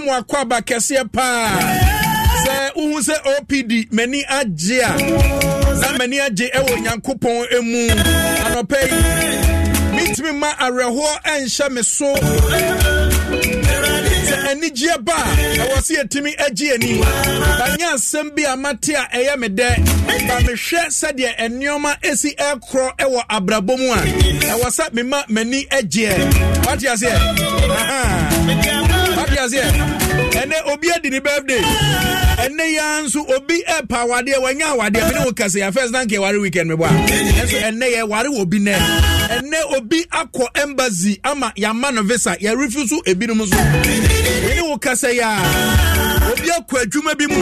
mu akɔ aba kɛseɛ paa sɛ wohu sɛ opd m'ani agye a na m'ani agye ɛwɔ nyankopɔn mu anɔpɛ yi mentumi ma awerɛhoɔ ɛnhyɛ me so sɛ anigyeɛ ba a ɛwɔ sɛ yɛtumi agye ani banyɛ asɛm bi a mate a ɛyɛ me dɛ ba mehwɛ sɛdeɛ ɛnneɔma ɛsi ɛkorɔ ɛwɔ abrabɔ mu a ɛwɔ sɛ mema m'ani agyeɛ wate aseɛ aseɛ ɛnɛ obi adi ne birthday ɛnɛ yɛa nso obi ɛpa awadeɛ wanya awadeɛ mene wo kɛsɛ ya first nankɛ ware weekend mebɔ a ɛnso ɛnɛ yɛ ware wɔ bi nɛ ɛnɛ obi akɔ embassy ama yɛama no visa yɛrefi so ebinom so mene wo kɛsɛ ya. obi akɔ adwuma bi mu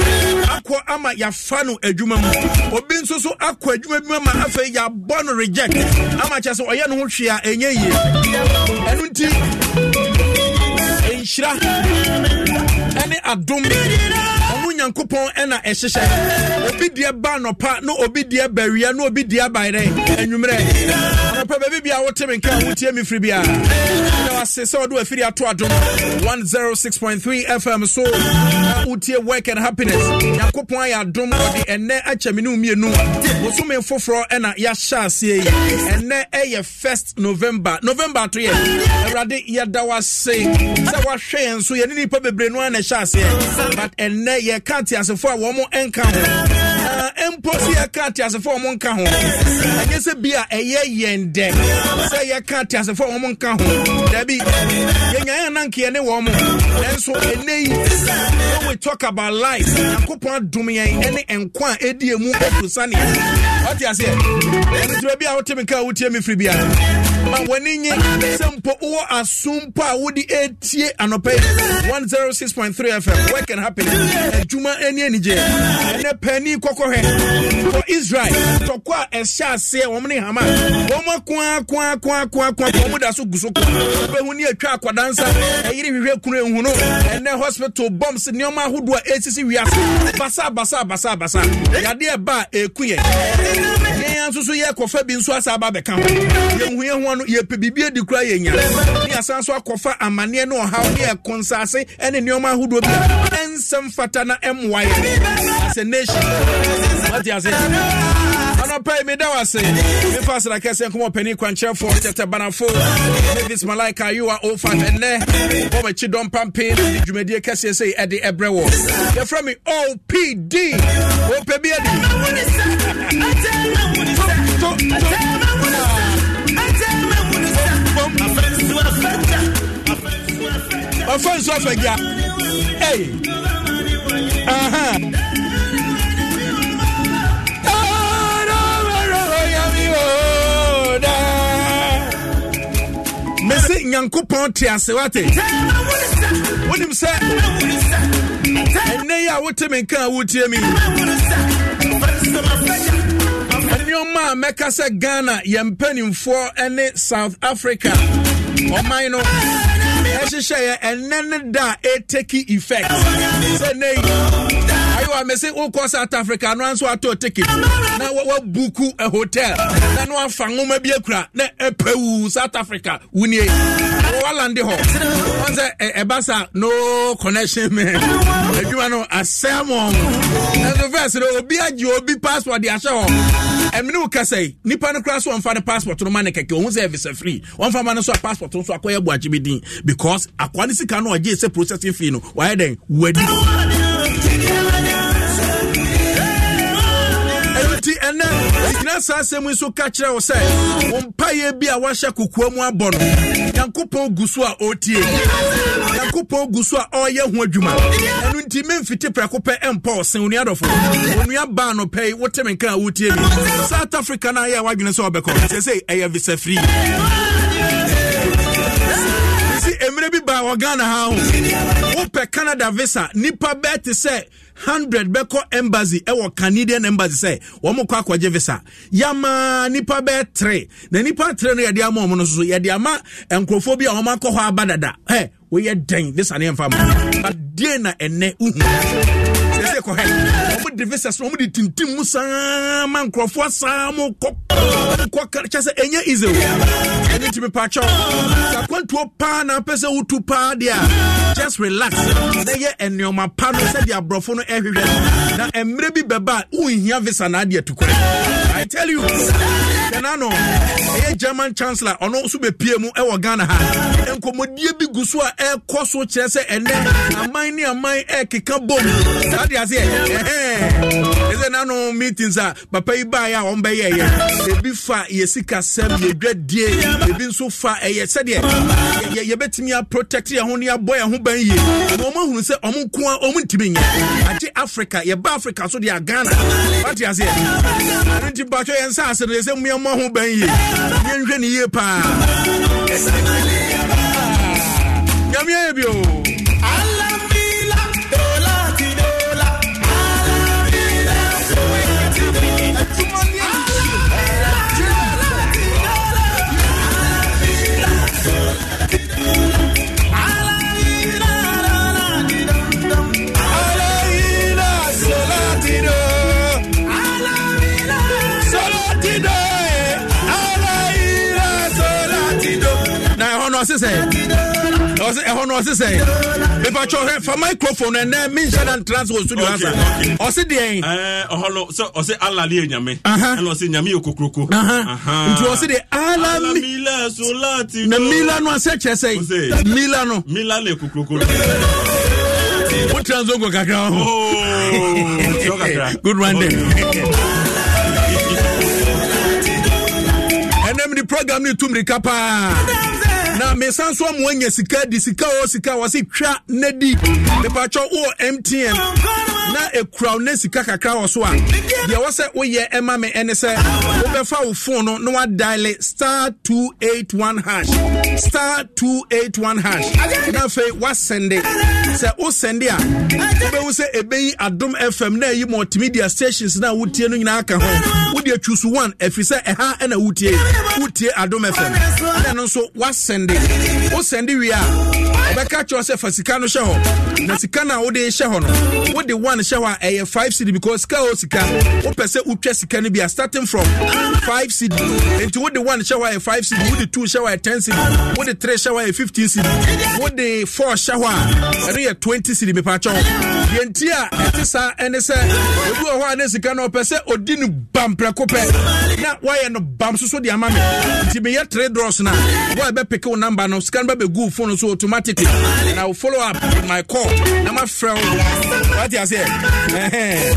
akɔ ama yɛafa no adwuma mu obi nso so akɔ adwuma bi mu ama afei yɛabɔ no reject ama kyɛ sɛ ɔyɛ no ho hwee ɛnyɛ yie ɛno nti nhyira adom ɔmo nyankopɔn ɛna ɛhyehyɛ obi deɛ ba anɔpa na obi deɛ bawia na obi deɛ abayerɛ anwummerɛ anɔpa baabi bia wote me nka wotie me firi biara da sɛ wɔde wafiri ato adom 106.3 fm so na wotie work and happiness nyankopɔn ayɛ adom ɔde ɛnɛ akyɛ me ne mmienu bosome foforɔ ɛna yɛahyɛ aseɛ yi ɛnɛ ɛyɛ first november november to yɛ awurade yɛda wase sɛ wahwɛ yɛn so yɛne nnipa bebree no a na ɛhyɛ aseɛ but ɛnɛ yɛka teasefoɔ a wɔn nka ho na mpo si yɛka ateasefoɔ ɔmo nka ho ɛnyɛ sɛ bi a ɛyɛ yɛn dɛ sɛ yɛka ateasefoɔ ɔmo nka ho dabi yɛnyaeɛ nankeɛ ne wɔ mo nanso ɛnɛ yi when we talk about life nyankopɔn adom yɛn ɛne nkwa a ɛdi emu ɛto saneɛ ɔte aseɛ ɛno nti baabi a wote a wotie me firi biara ma w'ani nye sɛ mpo wowɔ asompo a wode ɛtie anɔpɛ 106.3 fm work and happen adwuma ani anigye ɛnɛ pani kɔkɔhwɛ for israel tɔkɔ a ɛhyɛ aseɛ wɔm ne hama wɔm akoa koa koa koa da so gu so koa wobɛhu ne atwa akwadansa ɛyere hwehwɛ kunu ɛhu ɛnɛ hospital bombs nneɔma ahodoɔ a wiase basa basa basa basa yadeɛ ba a ɛku yɛn nso so yɛ kɔfa bi nso asa aba bɛka ho yɛnhu ho no yɛpɛ biribi adi kora yɛ nya ne so akɔfa amanneɛ ne ɔhaw ne ɛko nsase ne nneɔma ahodoɔ bi ɛnsɛm fata na ɛmmoa yɛ asɛ nation wate ase pay me, Me I say. pass come on, penny, anɔpɛ meda w ase mefa serakɛsɛ you are old tɛtɛ banafo davis malika my ofa ɛnɛ wɔmakyi dɔm pampe ne dwumadie say Eddie ɛde You're from me opd ɔpɛ bi adi ɔfa nsu afagya Uh huh. sɛ nyankopɔn te ase wate wonim sɛ ɛnɛ yi a wote me nka a wotie mi nneɔma a mɛka sɛ ghana yɛn mpanimfoɔ ne south africa ɔman no ɛhyehyɛ yɛ ɛnɛ ne da a ɛteki effect sɛ nɛ yi ayiwa mese wokɔ south africa no anso atɔ ticket na wabuku a hotel na na wafa nwoma bi akura na ɛpɛ wu south africa wunie walande hɔ wɔn sɛ ɛba sa no connection man adwuma no asɛm wɔn ɛnso fɛs no obi agye obi passport de ahyɛ hɔ ɛmini wo yi nipa no kura so wɔn fa ne passport no ma ne kɛkɛ wɔn sɛ visa free wɔn fa ma ne so a passport no so akɔyɛ bu agye bi din because akwa ne sika no ɔgye sɛ processing fee no wɔayɛ dɛn wadi. ɛnɛ gyina saa asɛm yi so ka kyerɛ wo sɛ wo mpayɛ bi a woahyɛ kokoa mu abɔ no nyankopɔn gu so a ɔtie nyankopɔn gu so a ɔreyɛ ho adwuma ɛno nti memfiti prɛko pɛ ɛmpɔ ɔsen wo nuadɔfo onua baa no pɛi wote me nka a wotie bi south africa no ayɛ a woadwene sɛ wɔbɛkɔ kyɛ sɛ ɛyɛ visa frii si mmerɛ bi baa wɔ ghana ha ho wopɛ canada visa nipa bɛɛ te sɛ hundred bɛkɔ embassy ɛwɔ canadian embassy sɛ wɔn kɔ akɔgye visa yama nipa bɛɛ tere na nipa tere no yɛde ama wɔn no soso yɛde ama nkurɔfoɔ bi a wɔn akɔ hɔ aba dada ɛ wɔyɛ dɛn visa ne yɛn fa ma adeɛ na ɛnɛ uhu kɔ hɛ ɔmo de visa ɔmo de tintim mu saa ma nkurɔfoɔ kɔ kɔ kyɛ sɛ ɛnyɛ easy o ɛne ntumi paakyɛw sɛ akwantuo paa na apɛ sɛ paa deɛ just relax na yɛ nneɛma pa no sɛdeɛ aborɔfo no ɛhwehwɛ na mmerɛ bi bɛba a wonhia visa na adeɛ tukɔ I tell you, Tenano, a German chancellor, or also be PMU, or Ghana, and Comodia Bigusua, Air Cosso Chess, and then a mine near my air kick up boom. That is it sɛ nano meetings a papa yi baeɛ a ɔmbɛyɛ ebi fa yɛ sikasɛm yɛdwa die ebi nso fa ɛyɛ sɛdeɛ yɛbɛtumi aprotect yɛn ho ne yɛabɔ yɛn ho ban yie na ɔmo ahunu sɛ ɔmo nko a ɔmo ntumi nyɛ agye africa yɛba africa so deɛ a ghana wate aseɛ ɛno nti batwɛ yɛn nsa ase no yɛ mmeɛmmɔ ho ban yie yɛnhwɛ ne yie paa nyame ayɛ bio ɔse sɛ ɛhɔ no ɔse sɛ mepatwɛ hwɛ fa microphone ɛnɛ menhyɛ da ntrans wɔ studio asa ɔse deɛn eh, ɔhɔ no sɛ ɔse alale yɛ nyame ɛna ɔse nyame yɛ kokroko nti ɔse de alami na mila no asɛ kyerɛ sɛ mila no mila na yɛ kokroko wotra nso go kakra ho oh, good one then ɛnɛ program no tu mmirika paa na mesan nso amoa nya sika di sika o sika wɔse twa na di mepatwɔ wowɔ mtn na ekura ne sika kakra wɔ so a deɛ wɔ sɛ woyɛ ɛma me ɛne sɛ wobɛfa wo phone no na wadaile star 281 hash star 281 hash na afei wasɛnde sɛ wosɛnde a wobɛhu sɛ ɛbɛyi adom fm na ɛyi multimedia stations na wotie no nyinaa ka ho wode atwusu 1 ɛfiri sɛ ɛha ɛna wotie wotie adom fm ɛna no nso wasɛnde wosɛnde wie a ɔbɛka kyerɛ sɛ fa sika no hyɛ hɔ na sika no a wode hyɛ hɔ no wode 1 hyɛ hɔ a ɛyɛ five cd because sika o sika wopɛ sɛ wotwa sika no bi a starting from five cd nti wode one hyɛ hɔ a ɛyɛ five cd wode two hyɛ hɔ a ɛyɛ ten cd wode three hyɛ hɔ a ɛyɛ fifteen cd wode four hyɛ hɔ a ɛno yɛ twenty cd mepakyɛw yɛnti a ɛte saa ɛne sɛ obi wɔ hɔ a ne sika no ɔpɛ sɛ odi no bam prɛko pɛ na wayɛ no bam soso de ama me nti meyɛ three draws no a wo a ɛbɛpeke wo number no sika no bɛbɛgu wo phone so automatically and i will follow up with my call na mafrɛ wo wate aseɛ Eh.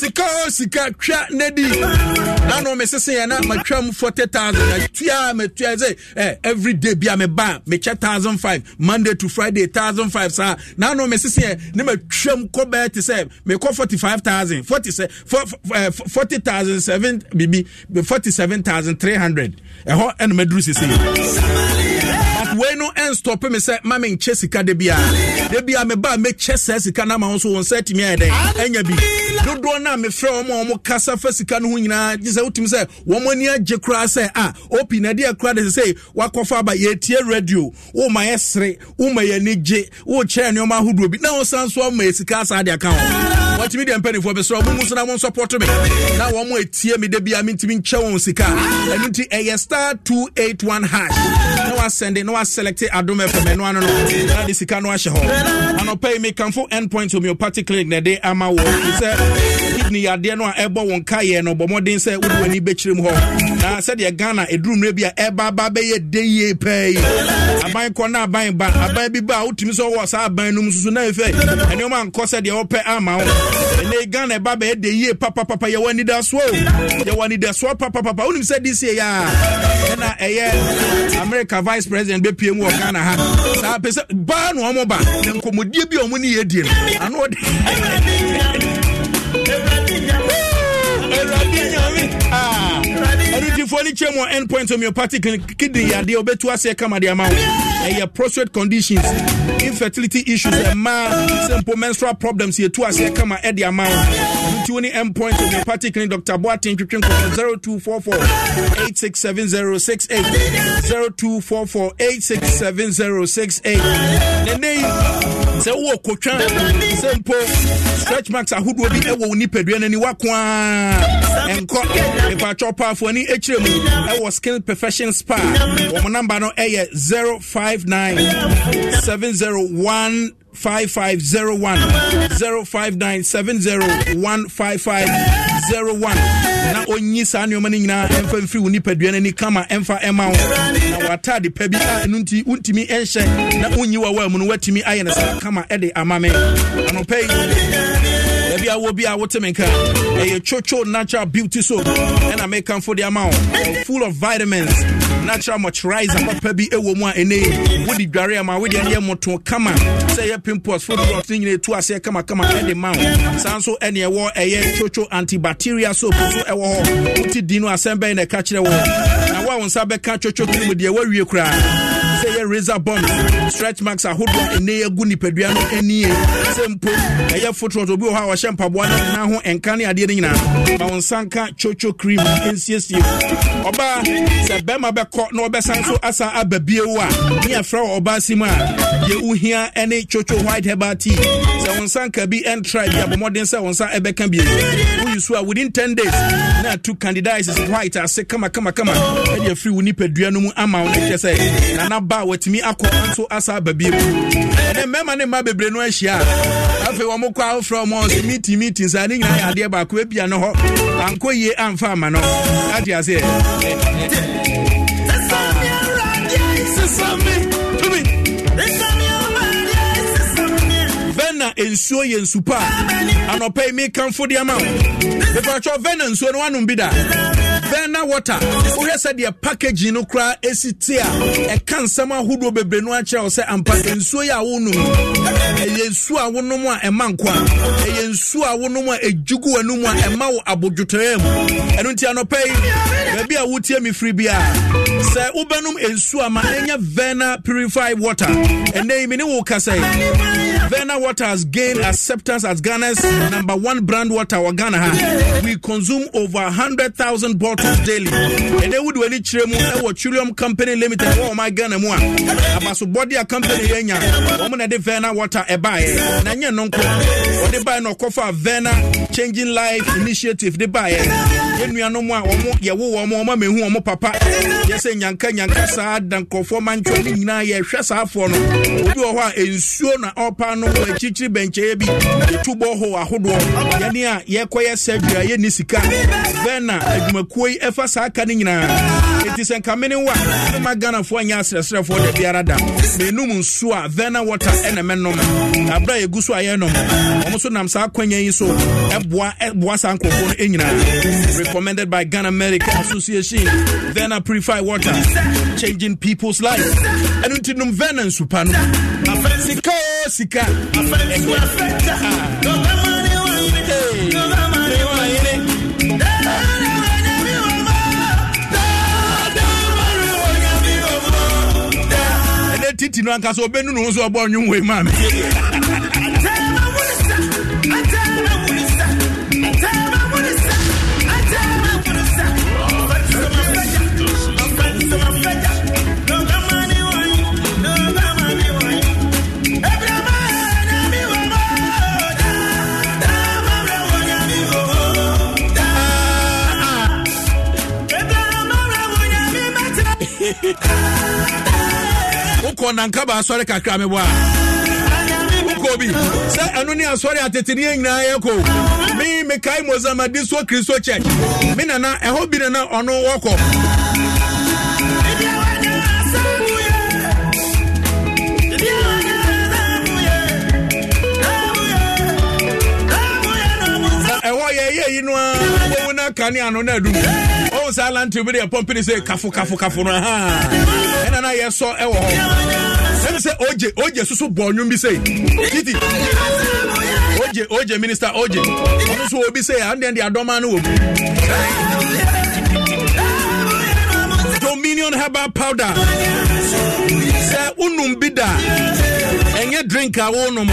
sika o sika twa ne di nanu mi sisi yɛn na ma twa mu forty thousand na tua ma tua ɛ eh, every day bi a mi ba mi kyɛ thousand five monday to friday thousand five saa nanu mi sisi yɛn ne ma twa mu kɔ bɛɛ ti sɛ mi kɔ forty five thousand forty sɛ eh, forty thousand seven bibi forty seven thousand three hundred ɛhɔ ɛna ma duru sisi yɛn wei no ɛnstɔpe me sɛ ma menkyɛ sika da biaa da bia meba a mɛkyɛ saa sika no ama wo so wo nsa atumi ayɛ dɛn ɛnya bi dodoɔ no a mefrɛ wɔm a wɔm kasa fa sika no ho nyinaa gye sɛ wotumi sɛ wɔm ani agye koraa sɛ a opi na ɛdeɛ koraa de sɛ sɛ wakɔfa aba yɛtie radio woma yɛsere woma yɛani gye wokyerɛ nneɔma ahodoɔ bi na wo san so ama yɛ sika saa de aka ho watumi deɛ mpanimfoɔ bɛsrɛ ɔmomu so na mo nsɔpɔto me na wɔn mo etie me da bia mentumi nkyɛ wɔn sika ɛno nti ɛyɛ star 281 hash na wasɛnde na waselect adom fm ɛno ano no na de sika no ahyɛ hɔ anɔpɛ yi mekamfo endpoint homeopathic clinic na ɛde ama wɔ sɛ kidney no a ɛbɔ wɔn kaeɛ no bɔ mmɔden sɛ wode w'ani bɛkyerɛ mu hɔ na sɛdeɛ ghana ɛdurummerɛ bi a ɛba bɛyɛ de yie pɛɛ aban kɔ na aban ba aban bi ba a sɛ wɔwɔ saa aban no soso na efɛ ɛnneɛma nkɔ sɛ deɛ wɔpɛ ama wo ɛnna ghana ɛba bɛyɛ de yie papapapa yɛwɔ anidasoɔ o yɛwɔ anidasoɔ papapapa wonim sɛ dc yɛ a ɛna ɛyɛ america vice president bɛpie mu wɔ ghana ha saa pɛ baa na wɔn ba na bi a wɔn ni yɛ die no ano de. [LAUGHS] mpanimfoɔ ne kyɛ mu endpoint homeopathy kidney yadeɛ wobɛtu aseɛ kama de ama wo ɛyɛ prostate conditions infertility issues mmaa sɛ mpo menstrual problems yɛtu aseɛ kama ɛde ama wo nti wo ne endpoint homeopathy clinic dr boaten twetwe nkɔmɔ 0244 867068 0244 867068 nene yi sɛ wowɔ kotwa sɛ mpo stretch marks ahodoɔ bi ɛwɔ wo nipadua no ani woako a ɛnkɔ mepaatwɛ ɔpaafoɔ ani akyirɛ mu ɛwɔ skill perfection spa wɔmo namba no ɛyɛ 059 701 5501 059 701 55 Zero one. na ɔnyi saa nneɔma no nyinaa ɛmfa mfiri wo nipadua no ani kama ɛmfa ɛma wo na watadi pa bi a ɛno nti wontumi ɛnhyɛ na wonyi wawa mu no woatumi ayɛ no saa kama ɛde ama me anɔpɛ yi baabi a wɔ bi a wote me nka ɛyɛ chocho natural beauty soap ɛna mekamfo de ama wo full of vitamins natural moisturizer papa bi ɛwɔ mu a ɛnɛ wodi dware ama wodeɛ ne yɛ mmoto kama sɛ ɛyɛ pimples food drops ne nyina ɛtu aseɛ kamakama ɛde ma wo saa nso ɛne ɛwɔ ɛyɛ twotwo antibacteria soap so ɛwɔ hɔ wote di no asɛm bɛyɛ na ɛka kyerɛ wɔ na woa wo nsa bɛka twotwo kiri mu deɛ woawie koraa razor bond stretch marks ahodoɔ a ɛnɛ agu nipadua no anie sɛ mpo ɛyɛ fotrot obi wɔ hɔ a wɔhyɛ mpaboa no nyinaa ho ɛnka ne adeɛ no nyinaa ma wo nsa nka chocho cream ɛnsiesie ɔbaa sɛ bɛrima bɛkɔ na wɔbɛsan so asa aba bio a ne yɛfrɛ wɔ ɔbaa si mu a deɛ wohia ne white herbal tea wɔn nsa nka bi ntra bi abɔmmɔden sɛ wɔn nsa ɛbɛka bi woyi so a within 10 days na two candidates white ase kamakamakama ɛde afiri wo nipadua no mu ama wo no kyɛ sɛ nana ba a watumi akɔ nso asa aba bie mu ɛnɛ mmarima ne mmaa bebree no ahyia afei wɔn kɔ ahofra wɔn ɔsɛ meeting meeting saa ne nyinaa yɛ adeɛ baako ebia no hɔ ankɔ yie amfa ama no ate aseɛ na nsuo yɛ nsu pa a anɔpɛ yi mekamfo de ama wo mepatwɛ vɛ na nsuo no woanom bi da vɛ na wohwɛ sɛdeɛ packaging no koraa ɛsi te a ɛka nsɛm ahodoɔ bebree no akyerɛ wo sɛ ampa nsuo yi a wonom ɛyɛ nsuo a wonom a ɛma nko a ɛyɛ nsuo a wonom a ɛdwugu w'anom a ɛma wo abodwotɔeɛ mu ɛno nti anɔpɛ yi baabi a wotie me firi biara sɛ wobɛnom nsuo a ma ɛnyɛ vɛna purify water ɛnɛ yi me ne wo kasɛe Verna Water has gained acceptance as Ghana's number one brand water Ghana. Ha. We consume over 100,000 bottles daily. And they would really cheer mu our Trillium Company Limited. Oh my Ghana mua. Abaso body a company yenya. Woman de Verna Water e buy. Nanya nonko. Or they buy no cover Verna Changing Life Initiative. They buy yɛnuanom a ɔmo yɛwo wɔ mo ɔma mehu ɔmo papa yɛ sɛ nyanka nyanka saa da nkurɔfoɔ ma ntwa no nyinaa yɛhwɛ saafoɔ no obi wɔ hɔ a nsuo na ɔpa no no wɔ akyirikyiri bi yɛtu ahodoɔ yɛne a yɛnni sika adwumakuo yi ɛfa saa ka no nyinaa ɛti sɛ wo a mema ghanafoɔ anyɛ aserɛserɛfoɔ da biara da menum a vena water ɛna mɛnom a yɛgu so a yɛnom ɔmo so nam saa kwanya yi so ɛboa ɛboa saa nkurɔfoɔ no nyinaa recommended by ghana medical association vena purify water changing people's life ɛno nti nom vena no sika o sika. ɛnɛ titi no ankasa obɛnu ne ho so ɔbɔ ɔnwom wei maa me wokɔ nankaba asɔre kakra mebɔ a wokɔ bi sɛ ɛno ne asɔre ateteneɛ nyinaa yɛkɔ me mekae mosamadi so kristo church me nana ɛhɔ bi nana ɔno wɔkɔ ɛhɔ yɛyɛ yi no a wɔwu no kanea no na adum ɔwɔ saa lantern bi de ɛpɔmpini sɛ kafo kafo kafo no ɛna na yɛ sɔ ɛwɔ hɔ ɛna sɛ ogye Oje soso bɔ ɔnwom bi sɛ titi Oje ogye minister Oje. ɔno nso obi sɛ ande de adɔma no wɔ mu dominion herbal powder sɛ wonum bi da ɛnyɛ drink a wonom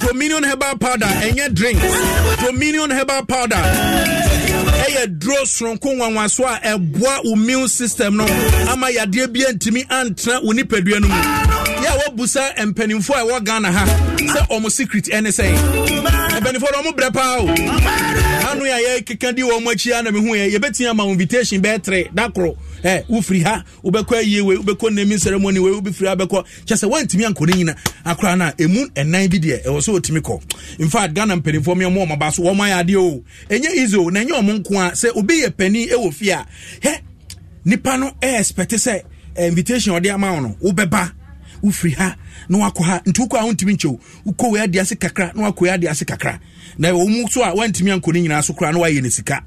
dominion herbal powder ɛnyɛ drink dominion herbal powder ayɛ duro soronko nwanwaso a ɛboa wo immune system no ama yadeɛ bia ntumi antena wo nipadua no mu yɛ a woabusa mpanimfoɔ a ɛwɔ ghana ha sɛ ɔmo secret ɛne sɛe mpanimfoɔ no ɔmo brɛ paa o ano a yɛkeka di wɔ m akyi ana mehu ɛ yɛbɛtumi ama invitation bɛɛtere da koro ɛ wofiri ha wobɛkɔ ayie wei wobɛkɔ nami ceremony wei wobɛfiri ha bɛkɔ kyɛ sɛ woantumi ankɔ no nyina akora na a ɛmu ɛnan bi deɛ ɛwɔ sɛ wɔtumi kɔ infact ghana mpanimfoɔ so na enye ɔmo nko a sɛ obi yɛ ɛwɔ fie a wofiri ha na wakɔ ha nti wokɔ a wontumi nkyɛw wokɔ wei ade ase kakra na wakɔ ade ase kakra na wɔ mu so a woantumi ankɔ no nyinaa so koraa na woayɛ no sika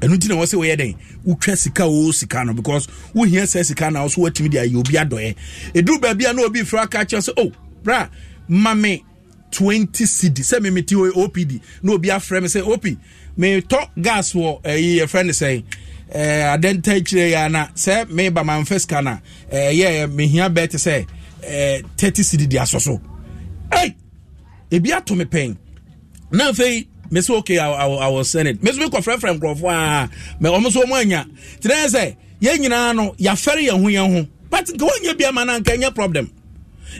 ɛno nti na wɔ sɛ wɔyɛ dɛn wotwa sika o sika no because wohia sɛ sika na so watumi de ayɛ obi adɔeɛ ɛduru baabi a na obi frɛ aka kyerɛ sɛ o oh, bra ma me 20 cd sɛ memete opd na obi afrɛ me sɛ op metɔ gas wɔ ɛyi eh, yɛfrɛ no sɛn eh, adɛnta kyerɛ yɛ ana sɛ meba mamfa sika no ɛyɛ eh, mehia bɛɛ te sɛ Eh, thirty cd de asɔ so ɛy ebi ato mi pɛn na afei mɛ sɛ okay i will i will send it mɛ sɛ mi kɔ fɛrɛfɛrɛ nkurɔfoɔ aa mɛ wɔn nso wɔn anya tena sɛ yɛn nyinaa no yafɛre yɛn ho yɛn ho but nka wɔn nyɛ bi ama na nyɛ problem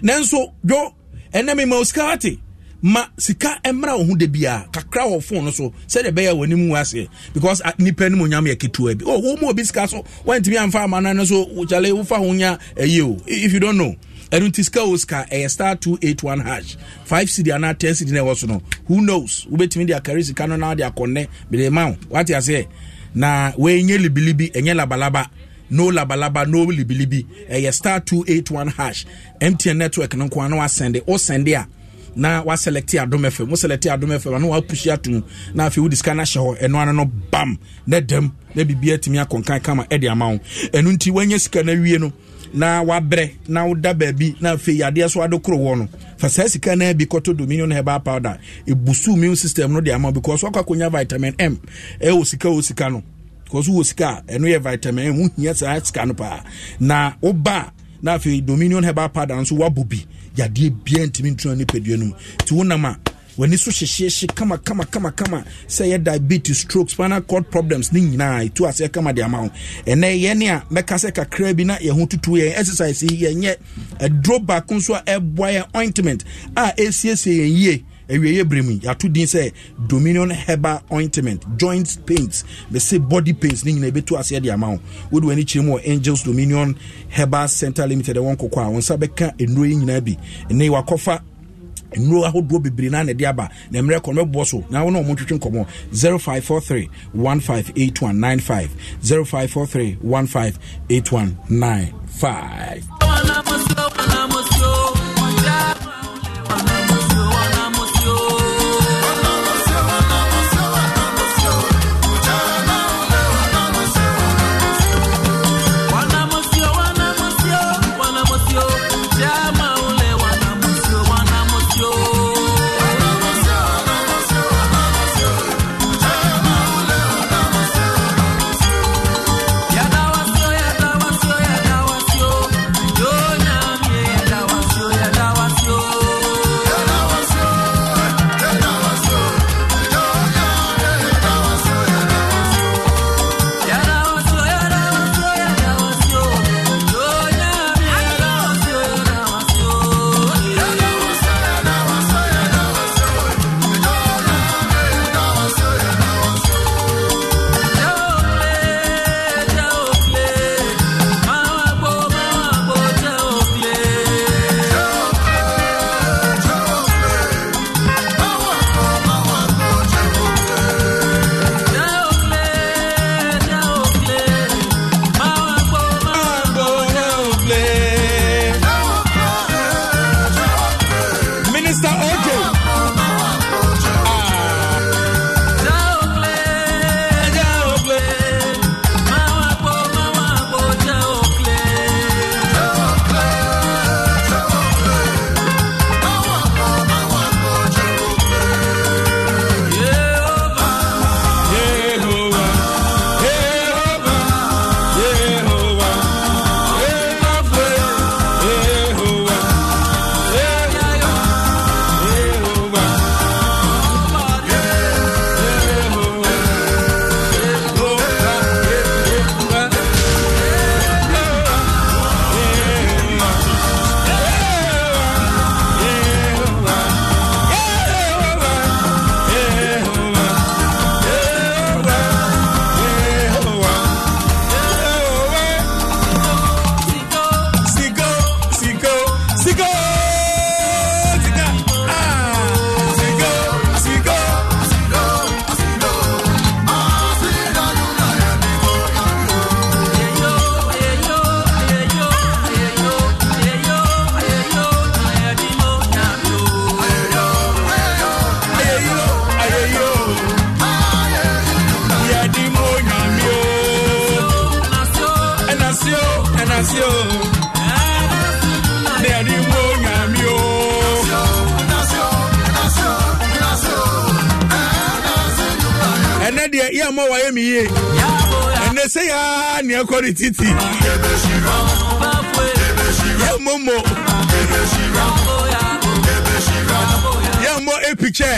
nanso dwo ɛnna mi ma o sika ate ma sika mmerɛ wo ho da biara kakra wɔ fon no so sɛdeɛ ɛbɛyɛ wɔ anim aseɛ because nipa no mu onyam yɛ ketewa bi oh wɔn mu obi sika so wɔntumi amfa ama no no so kyale wofa ho nya ɛyie o if you don't know ɛno nti sika o sika ɛyɛ star two eight one hash five cd anaa ten cd na ɛwɔ so no who knows wobɛtumi de akari sika no na de akɔnɛ bere ma wo wate aseɛ na wɔnyɛ libilibi ɛnyɛ labalaba no labalaba no libilibi ɛyɛ star two eight one hash mtn network no nko ano asɛnde o sɛnde a na waselect adom fm woselect adom fm ana wapusi atom na afei wode sika no ahyɛ hɔ ɛno ano no bam na dam na biribia atumi akɔnkan kama ɛde ama wo ɛno nti woanya sika no awie no na wabrɛ na woda baabi na afei adeɛ so adokoro wɔ no fa saa sika no bi kɔtɔ dominion herbal powder ɛbusu immune system no de ama because wakɔ akɔnya vitamin m ɛwɔ sika wɔ sika no because wowɔ sika ɛno yɛ vitamin m wohia saa sika no paa na woba na afei dominion herbal powder nso woabɔ bi yadeɛ biaa ntimi ntuna nipadua no mu nti wonam a w'ani so hyehyehye kama kama kama kama sɛ yɛ diabetes stroke spinal cord problems ne nyinaa ɛtu aseɛ kama de ama wo ɛnɛ yɛne a mɛka sɛ kakraa bi na yɛho tutu yɛn exercise yi yɛnyɛ aduro baako nso a ɛboa yɛn ointment a ɛsiesie yɛn yie awieeɛ bere mu yɛato din sɛ dominion heba ointment joint pains bɛsɛ body pains ne nyinaa ɛbɛtu aseɛ de ama wo wode w'ani kyerɛ mu wɔ angels dominion heba center limited ɛwɔ nkɔkɔ a wo nsa bɛka nnuro yi nyinaa bi ɛne wakɔfa nnuro ahodoɔ bebree naa na ɛde aba na mmerɛ kɔ mɛboɔ so na wɔn a wɔn twitwi nkɔmɔ zero five four three one five eight one nine five zero five four three one five eight one nine five. nasi o ne ni mo nyami o. ɛnɛ deɛ yɛ mɔ wayɛ mi yie ɛnɛ sɛ yaa nea kɔ ne titi yɛ mɔ mɔ yɛ mɔ epikyɛ.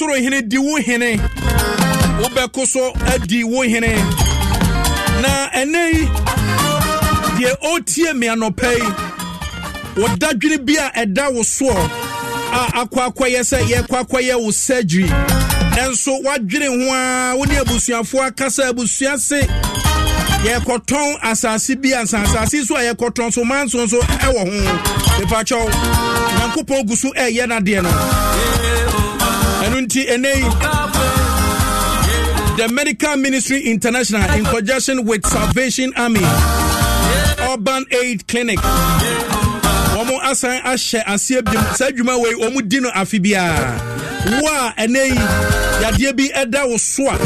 soro hene di wo hene wobɛko so adi wo hene na ɛnɛ yi deɛ ɔretie me anɔpa yi wɔda dwene bi a ɛda wo soɔ a akɔ akɔyɛ sɛ yɛkɔ akɔyɛ wo surgery nanso woadwene ho a wo ne abusuafoɔ aka abusua se yɛkɔtɔn asaase bi ansa asase so a yɛkɔtɔn so ma nso nso ɛwɔ ho mepakyɛw nyankopɔn gu so ɛɛyɛ nadeɛ no nti ɛnɛ the medical ministry international in conjunction with salvation army urban aid clinic wɔn asan ahyɛ aseɛ biom saa adwuma wei wɔn di no afe biara wo a ɛnɛ yi yadeɛ bi ɛda wo so a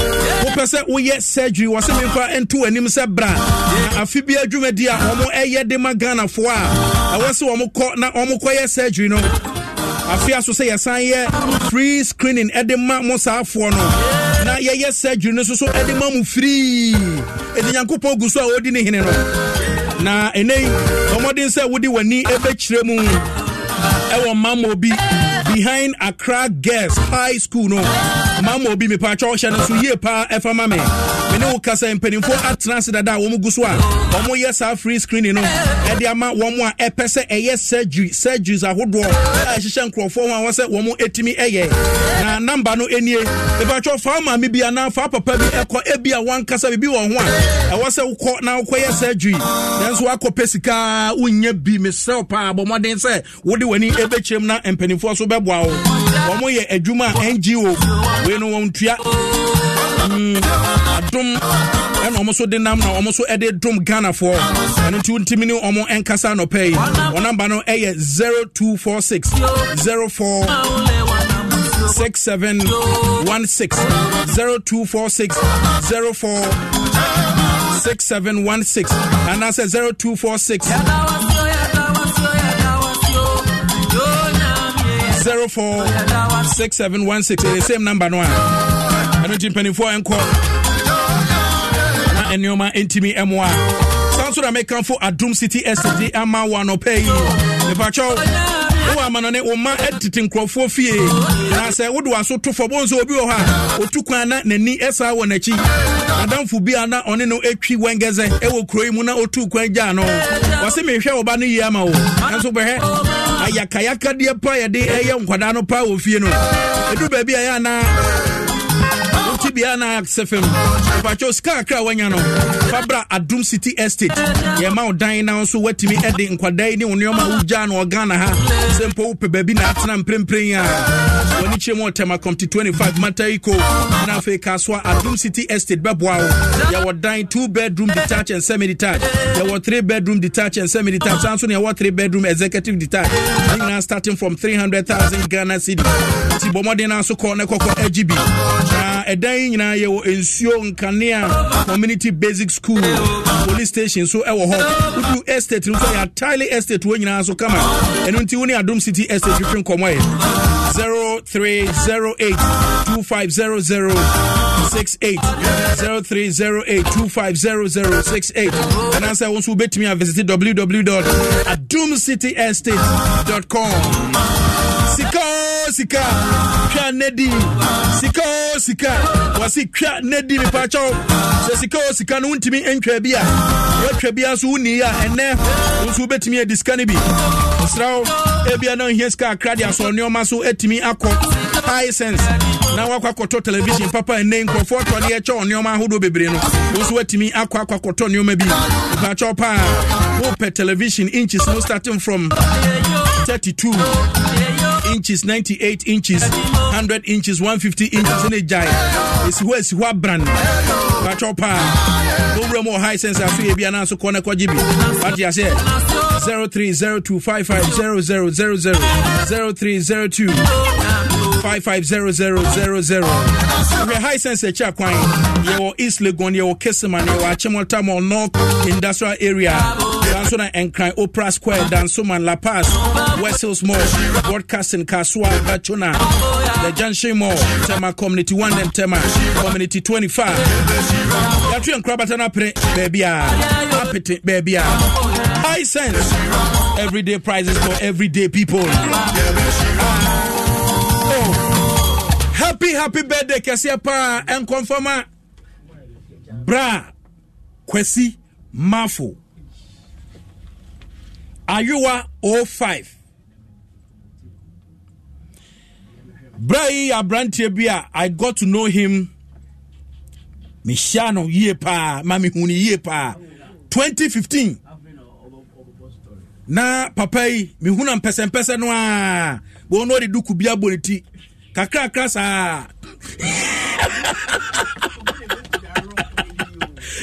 wopɛ sɛ woyɛ surgery wɔ sɛ memfa nto w'anim sɛ bra na afe bi adwumadi a wɔn ɛyɛ de ma ghanafoɔ a ɛwɔ sɛ wɔn kɔ na wɔn kɔyɛ surgery no afei so sɛ yɛsan yɛ free screening ɛde ma mo saafoɔ no na yɛyɛ surgery no nso so ɛde ma mu free ɛti nyankopɔn gu so a ɔdi ne hene no na ɛnɛi ɔmmɔden sɛ wode w'ani ɛbɛkyerɛ mu ɛwɔ mamma bi behind accra girls high school no mamma bi mepaakyɛ wohyɛ no so yie paa ɛfa ma me mene wo kasa mpanimfoɔ atena ase dada a wɔn gu so a wɔn yɛ saa free screening no ɛde ama wɔn a ɛpɛ sɛ ɛyɛ surgery surgeries ahodoɔ a ɛhyehyɛ nkurɔfoɔ ho a wɔsɛ wɔn etimi ɛyɛ na namba no enie ebatwɛ fa maame bi anaa fa papa bi ɛkɔ ebi a wankasa bibi wɔn ho a ɛwɔ sɛ wokɔ na wokɔ yɛ surgery nanso wakɔ pɛ sika wonyɛ bi mesrɛ paa bɔ mmɔden sɛ wode w'ani ɛbɛkyerɛ m na mpanimfoɔ so bɛboa wo wɔn yɛ adwuma ngo wei no wɔn tua adom adom ɛna ɔmo so de nam na ɔmo so ɛde dom ghanafoɔ ɛno nti ntumi ne ɔmo ɛnkasa anɔpɛ yi wɔn namba no ɛyɛ zero two four six zero four. 6716 0246 04 6716 anaasɛ 0246 04 6716 the same number one ɛno nti mpanimfoɔ ɛnkɔ na nneɔma ɛntimi ɛmoa sa nso na mekamfo adom city estate ama wɔ anɔpɛ yi mepakyɛw wowɔ amanɔne wo ma ɛtete nkurɔfoɔ fie na sɛ wode waso to fam ɔhu sɛ obi wɔ hɔ a ɔtu kwan na n'ani ɛsaa wɔ n'akyi adamfo bi na ɔne no ɛtwi wɛngɛsɛ ɛwɔ kuro yi mu na ɔtuu kwan gyaa no wɔse mehwɛ wɔba no yie ama wo nanso bɛhɛ ayakayakadeɛ pa yɛde ɛyɛ nkwadaa no pa wɔ fie no ɛdu baabi a yɛ anaa tibia na axe fm mpakyɛ sikakra wanya no fabra adom city estate na nso nkwadaa ne ɔghana ha sɛ mpo wopɛ baabi na atena mprempren a mu ɔtɛma 25 mataiko na afei ka so a city estate bɛboa wo yɛwɔ dan 2 bedroom detach and semi detach yɛwɔ 3 bedroom detach and semi detach saa nso ne yɛwɔ 3 bedroom executive detach ne nyinaa starting from 300000 ghana city nti no nso kɔ ne kɔkɔ na ɛdan yi nyinaa yɛwɔ nsuo kanea community basic school police station so ɛwɔ hɔ eh, wodu estate no so yɛ atile estate wɔ nyinaa so kama ɛno nti wo ne adom city estate twetwe nkɔmmɔ yɛ 0308 2500 68 0308 250068 anaasɛ wo nso wobɛtumi avisite to visit city estate com sika twa nedi sika o sika wasi twa nedi me pacho sɛ sika o sika no wontimi ntwa bi a woatwa bi nso woni a ɛnɛ wo nso wobɛtumi adi sika no bi ɔsrɛ wo ebia na ohia sika akra de asɔ nneɔma so atumi akɔ high sense na wakɔ akɔtɔ television papa ɛnɛ nkurɔfoɔ tɔde ɛkyɛ ɔnneɔma ahodoɔ bebree no wo nso woatumi akɔ akɔ akɔtɔ nneɔma bi mepakyɛw paa bill per television inches no starting from 32 inches 98 inches 100 inches 150 inches ne gyae ɛsi hɔ asi hɔ abran batwɛ paa wowura mu ɔhae sɛn sɛ so yɛ bia nanso kɔ ne kɔgye bi watea sɛ 0302550000 0302 550000 hwɛ high sense akyi akwan yɛwɔ east legon yɛwɔ keseman yɛwɔ akyemɔtamɔ north industrial area danso na ɛnkran opra square dansoman la paz west hills mall broadcasting kasoa bachona the junction mall tema community 1 and tema community 25 yɛatwe nkorabata no apene baabi a apete baabi a high sense everyday prices for everyday people Be happy birthday kɛseɛ paa ɛnkɔmfama bra kwasi mafo ayewa 05 bra yi yɛ aberanteɛ bi a i got to know him mehyia no yie paa ma mehu no yie paa 2015 na papa yi mehu na mpɛsɛmpɛsɛ no a wɔn no ɔde duku bi abɔ ne ti kakrakra saa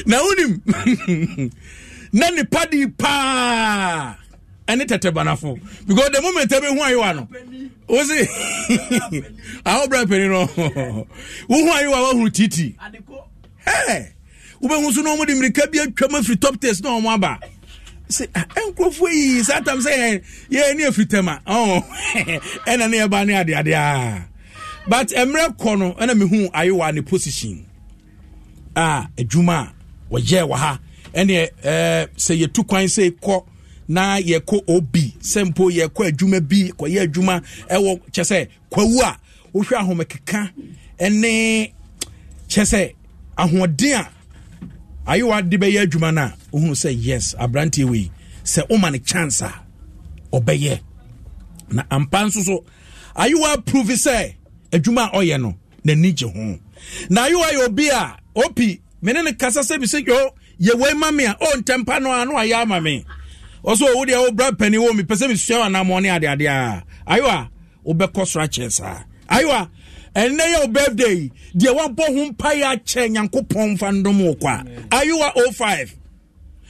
na wonim [LAUGHS] na nipa di paa ɛne tɛtɛbanafo because the moment ɛbɛ hu ayiwa [LAUGHS] no o se ahobra panyin no wohu ayiwa wahuru titi hɛɛ wobɛhu so na wɔn de mirika bi atwam afiri top test na wɔn aba sɛ ah, nkurɔfoɔ yi saa tam sɛ yɛn yɛn ni efiri tɛm a [LAUGHS] ɛna ne yɛ ba ne adeade aa but mmerɛ kɔ no ɛna mehu ayewa ne position a adwuma a wɔyɛɛ wɔ ha ɛne ɛɛ eh, sɛ yɛtu kwan sɛ kɔ na yɛkɔ obi sɛ mpo yɛkɔ adwuma bi kɔyɛ adwuma ɛwɔ kyɛ sɛ kwawu a wohwɛ ahomekeka ɛne kyɛ sɛ ahoɔden a ayewa de bɛyɛ adwuma no a wohunu sɛ yes aberanteɛ wei sɛ woma no chance a ɔbɛyɛ na ampa nso so ayewa prove sɛ adwuma a ɔyɛ no n'ani gye ho na ayewa yɛ obi a opi mene ne kasa sɛ bi sɛ yo oh, yɛwei ma me a o oh, ntɛmpa no a no ayɛ ama me ɔsɛ ɔwo oh, deɛ wobra pani wɔ mepɛ sɛ mesua wanammɔ ne adeade a ayewa wobɛkɔ soro akyerɛ saa ayewa ɛnɛ yɛ wo birthday deɛ woabɔ ho mpayɛ akyɛ nyankopɔn mfa ndom wo kɔ a ayewa 05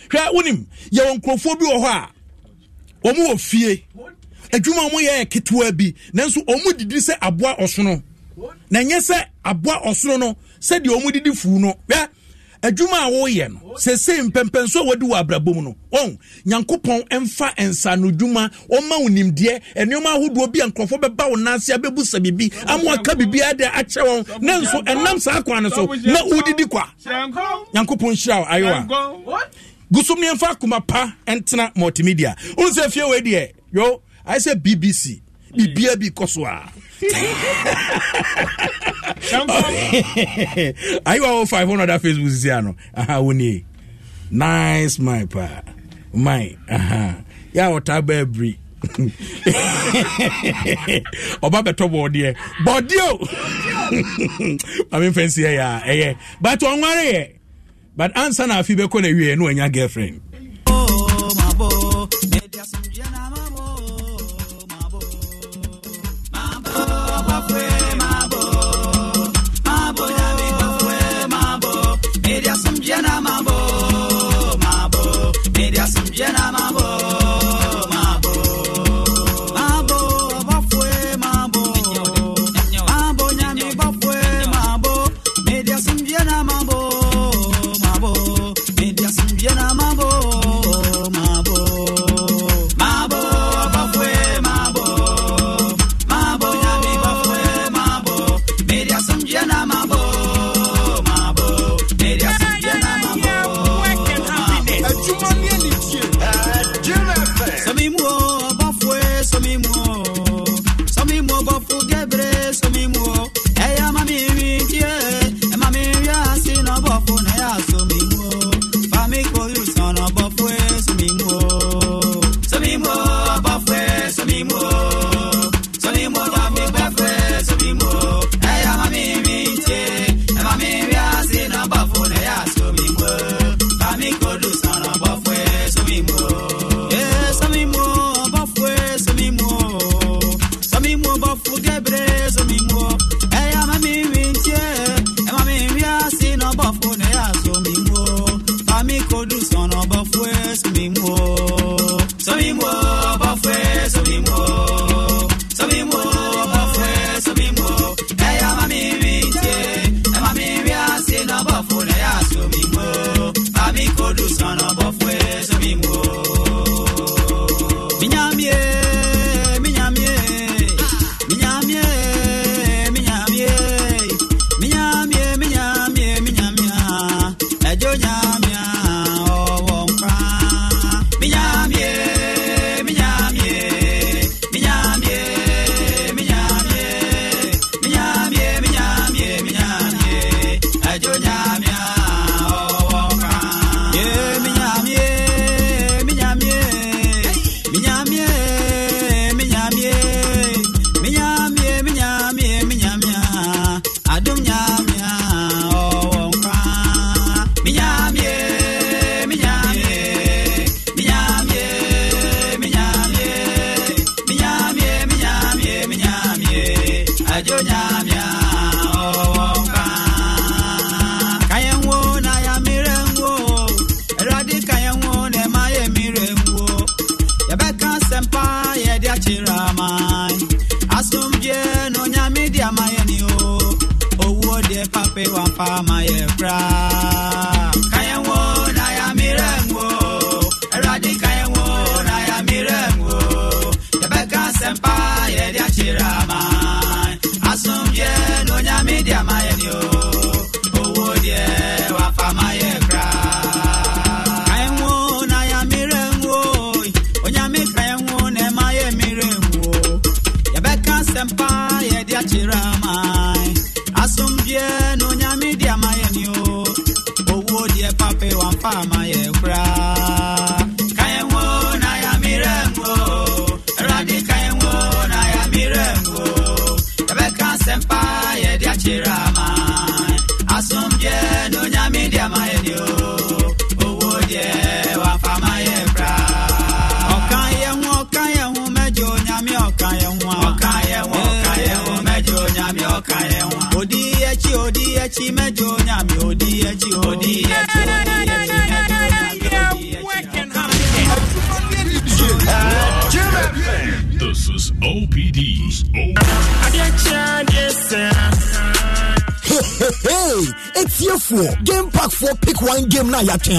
hwɛ wonim yɛwɔ nkurɔfoɔ bi wɔ hɔ a wɔm wɔ fie adwuma ɔmo yɛ ketewa bi nanso ɔmo didi sɛ aboa ɔsono na nyɛ sɛ aboa ɔsono no sɛdeɛ ɔmo didi fuu no hwɛ adwuma a wɔreyɛ no sese mpɛmpɛnso a wɔde wɔ abrabɔ mu no wɔn nyankopɔn mfa nsanodwuma wɔma wo nimdeɛ nneɛma ahodoɔ bi a nkurɔfoɔ bɛba wo nan ase abɛbu sɛ bibi ama aka biribiara de akyerɛ wɔn ne nso ɛnam saa kwan no so na wodidi kwa nyankopɔn hyira wo ayewa gusum kumapa akoma ntena multimedia wonu sɛ fie wei deɛ yo ayé sẹ bbc bibia hmm. bi kɔ so a. [LAUGHS] ayi wa wo five hundred facebook sisi ano aha wo nie nice mind pa mind aha yà wò ta bẹ́ẹ̀ biri ọba bẹtọ bọọdeẹ bọọdeẹ o [LAUGHS] maame nfẹnsi ẹ yà ẹ yẹ but ọ̀nwárẹ̀ yẹ but ansa na afi bẹ kọ́ na ewie ẹ ní wọ́n nya girlfriend. ¡Gracias!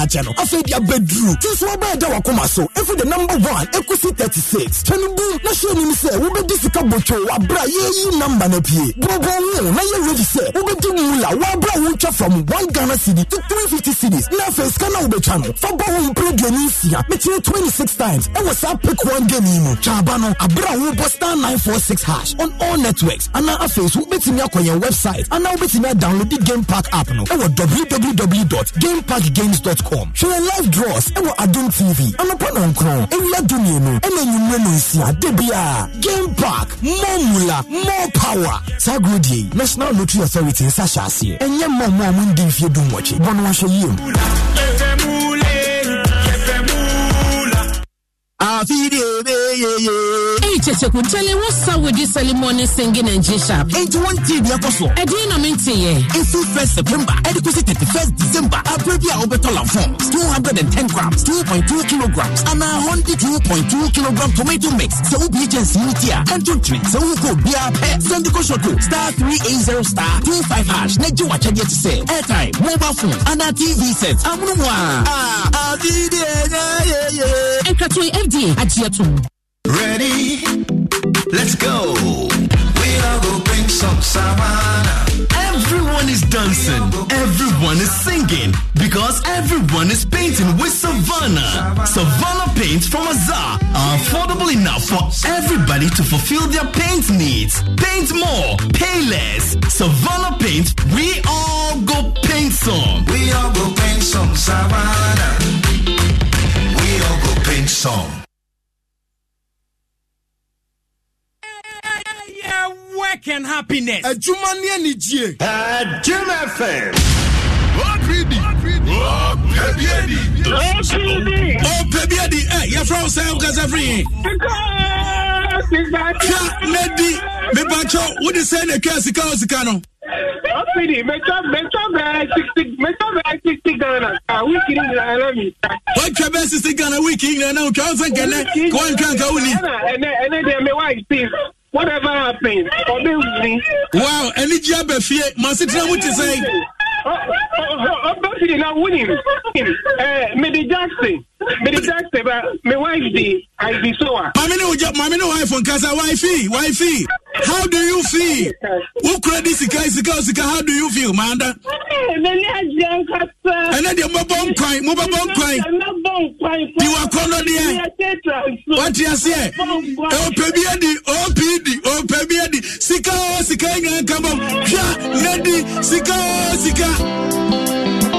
akyɛ bedroom. afei de abɛduru ti so wɔbɛɛda wakoma so ɛfi the number one ɛkɔsi thirty six atwo wabra yɛyi namba no pie borɔbɔn wo na yɛ ready sɛ wobɛdi mula wabra wo twa from 1 ghana City to 350 cities. na afei sika be wobɛtwa no fa bɔ ho mpere aduani nsia mekyerɛ 26 times e was saa pick one game yi mu twaaba no abra wo bɔ star 946 hash on all networks anaa afei so wobɛtumi akɔ yɛn website And anaa wobɛtumi download the game park app no ɛwɔ e www.gameparkgames.com hwɛ live draws ɛwɔ e adom tv anɔpa nɔnkrɔn ɛwia dumienu ɛna nwummerɛ no nsia da bia game park more mula more power saa agorɔ deɛ yi national lottery authority nsa hyɛ aseɛ ɛnyɛ mma mma a mondi mfeɛ du nwɔkye bɔ no wahwɛ yie mu afidie kyekyekontɛle wo sa wodi ceremony singing and g-sharp enti wɔntee deɛ kɔ soɔ ɛdeɛ na menteyɛ ɛfiri 1 september ɛde kɔsi 31 december aberɛ bi a wobɛtɔ lamfons 210 grams 2.2 kilograms anaa 102.2 kilogram tomato mix sɛ wobie kyɛnse no ti a ɛntontwene sɛ wowokɔ obiaa pɛ sɛnde kɔsɔto star 380 star Two 25 hash na gye wakyɛdeɛ te sɛ airtime mobile phone anaa tv set amono mu a abideɛ ah, nyayɛyɛ ɛnkatoi fda agyeɛ to go. We are go bring some savannah. Everyone is dancing, everyone is singing, because everyone is painting with Savannah. Savannah paints from Azar are affordable enough for everybody to fulfill their paint needs. Paint more, pay less. Savannah paint, we all go paint some. We all go paint some Savannah. We all go paint some. work and happiness. Adwuma ne anigye. Adwuma fam. Walk ready. Walk ready. Walk ready. Oh, Pebiadi. Eh, your friend say you guys are free. Twa lady, me bacho, what is saying the case sika o sika no? Opini, me twa 60, me twa 60 Ghana. Ah, we na na mi. What 60 Ghana we na na o twa o san kene. Ko an kan de me wa whatever happens ọdẹ wuli. wow ẹni jí abẹ fie màá sì tẹ́lẹ̀ mú ti sẹ́yìn. ọbẹ̀ fìdí náà wúni ẹ̀ mẹ́dí jackson mede tax ɛba me wife de id so a mame ne wogya mame ne wife nkasa wife wife how do you feel wokura de sika sika sika how do you feel maanda ɛnɛ deɛ mobɛbɔ nkwan mobɛbɔ nkwan piwakɔ no deɛ wate aseɛ ɔpɛ bi adi opd ɔpɛ bi adi sika o sika nyinaa nka bɔm hwa nadi sika o sika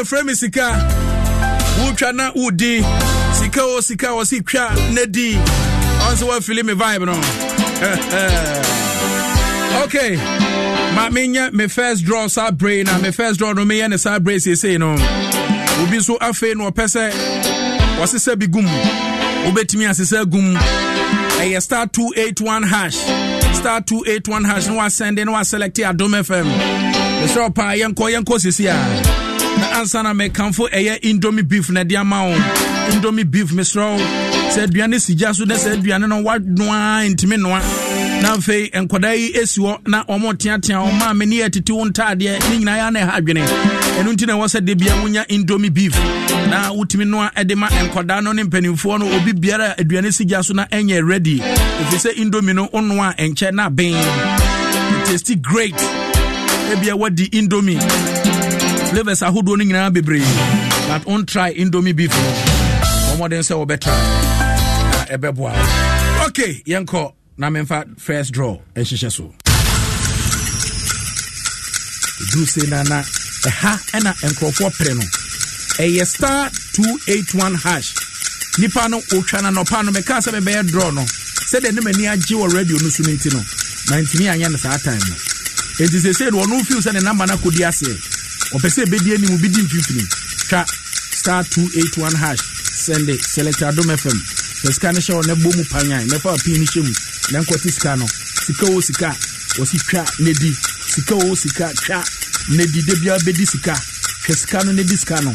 yɛfrɛ me sika wotwa na wodi sika o sika wɔ se twa na di ɔn sɛ me vibe no [LAUGHS] okay ma menyɛ me first draw saa bere na me first draw no meyɛ ne saa bere seesei no obi nso afei na ɔpɛ sɛ wɔsesɛ bi gum wobɛtumi asesɛ gum ɛyɛ star 281 hash star 281 hash na wasɛnde na waselɛcte adom fm ɛsɛ ɔpaa yɛnkɔ yɛnkɔ sisi a na ansa na mekamfo ɛyɛ indomi beef na ɛde ama wo indomie beef mesrɛ wo sɛ aduane si gya so na sɛ aduane no woanoa ntimi noa na afei nkwadaa yi esi hɔ na wɔn teatea wɔn maame ne yɛ tete wɔn ntaadeɛ ne nyinaa yɛ ana ɛha adwene ɛnu ti na ɛwɔ sɛ de bia wonya indomie beef na wotumi noa ɛde ma nkwadaa no ne mpanimfoɔ no obi biara aduane si gya so na ɛnyɛ ready efisɛ indomi no onoa nkyɛn na bɛn tasty great ebia wadi indomi flavors ahodoɔ no nyinaa bebree but on try indomie beef no ɔmɔden sɛ wɔbɛtra na ɛbɛboa okay yɛnkɔ na memfa first draw ɛnhyehyɛ so ɛduru sei no na ɛha ɛna nkurɔfoɔ pere no ɛyɛ star 281 hash nipa no ɔtwa no nɔpa no mekaa sɛ mebɛyɛ draw no sɛdeɛ ne m'ani agye wɔ radio no so no nti no mantumi anyɛ no saa time no enti seesei no ɔno mfiw sɛ ne namba no akɔdi aseɛ ɔpɛ sɛ ɛbɛdi anim obi di mfimfini twa star 281 hash sɛnde select adom fm sɛ sika no hyɛ hɔ na bɔ mu panyan mɛfa apii no hyɛ mu na nkɔte sika no sika o sika a twa na di sika o sika twa ne di debi biara bɛdi sika hwɛ sika no na di sika no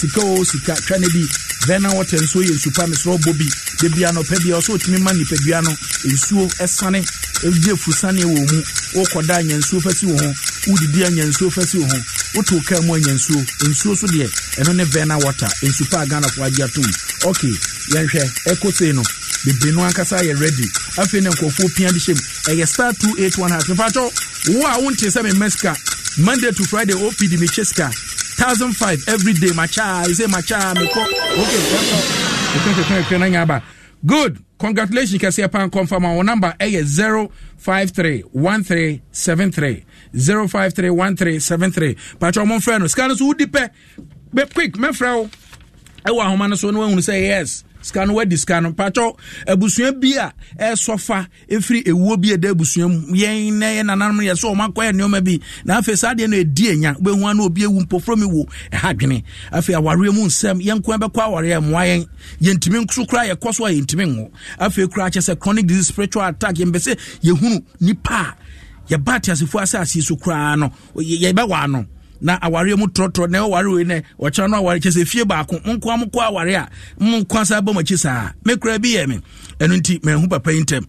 sika o sika twa ne di vena wɔtɛ nsuo yɛ nsupa mesrɛ ɔbɔ bi da biara no ɔpɛ biara ɔsɛ ɔtumi ma no nsuo ɛsane egye fusane wɔ mu wokɔda anyansuo fɛsi wɔ ho wodidi anyansuo fɛsi wɔ ho woto kaa mu anyansuo nsuo so deɛ ɛno ne vena water nsu paa ghanafoɔ agye atom ok yɛnhwɛ ɛkosei no bebree no ankasa yɛ ready afei ne nkurɔfoɔ pia de hyɛ mu ɛyɛ star two eight wo a wonte sɛ memmɛ sika monday to friday opd mekyɛ sika thousand five every ɛsɛ machaa mekɔ ok ɛkɔ na nya aba good congratulations kɛseɛ paa nkɔmfa ma wo number ɛyɛ 0531373 0531373 patwa ɔmɔmfrɛ no sika no so wodi pɛ quick mɛfrɛ wo ɛwɔ ahoma no so na wahunu sɛ yes sika no wadi sika no patwɔ abusua bi a ɛsɔfa ɛfiri ewuo bi ɛda abusua mu yɛn nɛ yɛ nananom yɛ sɛ ɔma kɔyɛ nneɛma bi na afei saa deɛ no ɛdi anya wobɛhu ano obi awu mpɔfrɔmi wo ɛha dwene afei awareɛ mu nsɛm yɛnko bɛkɔ awareɛ mmoa yɛn yɛntumi so koraa yɛkɔ so a yɛntumi nwo afei koraa kyɛ sɛ chronic disease spiritual attack yɛmpɛ sɛ yɛhunu nipa a yɛba ateasefoɔ asase so koraa no yɛbɛwɔ ano na awareɛ mu trɔtrɔ na ɛwɔ ware wei nɛ ɔkyerɛ no aware kyɛ sɛ fie baako monkoa mokɔ aware a monkoa saa bɔ makyi saa mekora bi yɛ me ɛno nti mahu papa yi ntɛm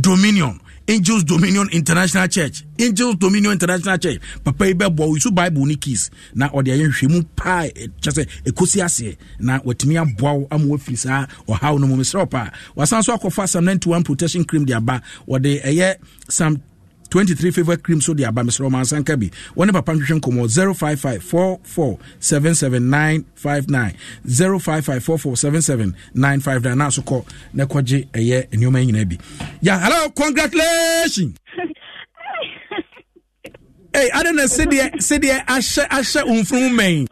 dominion angels dominion international church angels dominion international church papa yi bɛbɔ wo so bible ne keys na ɔde ayɛ nhwɛmu paa kyɛ sɛ ɛkɔsi aseɛ na watumi aboa wo ama wafiri saa ɔhaw no mu mesrɛ paa wasan so akɔfa psalm 91 protection cream de aba wɔde ɛyɛ psalm 23 favor cream so de aba mesrɛ ɔma nsanka bi wɔne papa nhwehwɛ nkɔmmɔ 055 44 77959 055 44 77959 na so kɔ na kɔgye ɛyɛ nneɔma nyinaa bi ya hello congratulations [LAUGHS] Hey, I don't know, Sidia, Sidia, Asha, Asha, Umfrumain.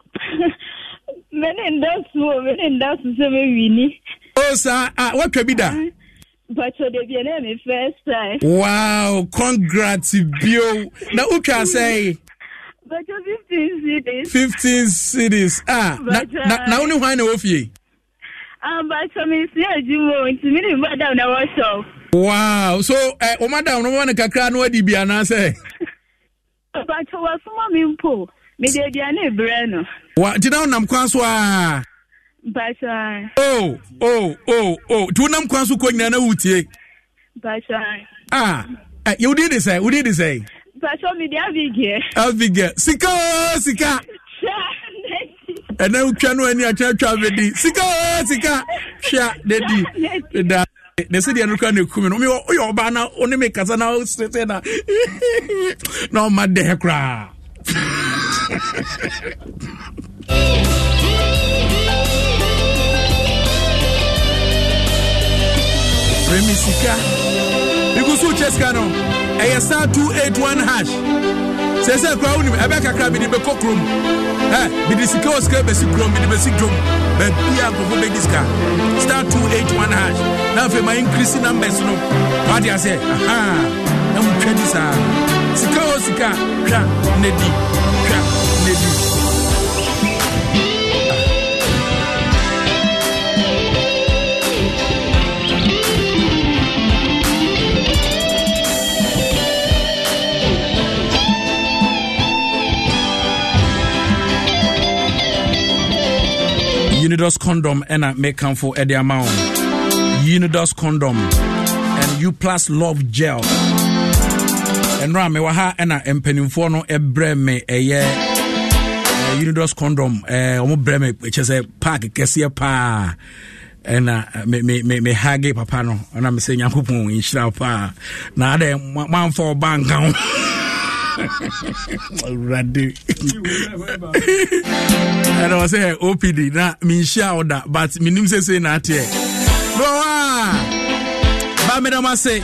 Many in that, many in that, so maybe. Oh, sir, what could be that? Bacho de bien aimé first time. Wow, congrats bio. Now who can say? Bacho 15 cities. 15 cities. Ah, Bacho. na, na, na uh, only one of you. Um, me see a jumo. It's me the madam na workshop. Wow, so eh, o madam no one kakra no [LAUGHS] di bia na But Bacho wa suma mi mpo. Me de bia na ebre no. Wa, ti na nam kwan ah. Bachelor. Uh, oh, oh, oh, oh. Do you know kwan so kwan nyina na wutie? Bachelor. Uh, ah, eh, you did this eh, you did this eh. Bachelor uh, me dia bigye. Ah bigye. Sika, sika. Ɛnɛ wotwa no ani akyerɛ twa bɛdi sika o sika hwɛ ne da ne sɛ deɛ no kora ne kum no woyɛ ɔbaa na wo ne me kasa na wosesɛ na [LAUGHS] na ɔma dɛ koraa [LAUGHS] remi sika bigu so kyɛ sika no ɛyɛ star one hash sɛ sɛ kora wonim ɛbɛ kakra mede bɛkɔ kurom ɛ mede sika wɔ sika bɛsi kurom mede bɛsi dwom baabia nkurɔfo bɛdi sika star one hash na afei ma increase numbers no wade asɛ aha na motwa di saa sika wɔ sika hwa na di unidos condom ɛna mekamfo ɛde ama wo unidos condom and u plus love gel ɛnora a mewɔ ha ɛna mpanimfoɔ no ɛbrɛ me ɛyɛ unidos condom ɔmo brɛ me kyɛ sɛ park kɛseɛ paa ɛna me hage papa no ɛna mesɛ nyankopɔn nhyira paa na adɛ moamfa ɔba nka ho [LAUGHS] awurade ɛna wɔ sɛ opd na menhyia wo ah. da but menim sesei na ateɛ bɛwɔ a ba medam ase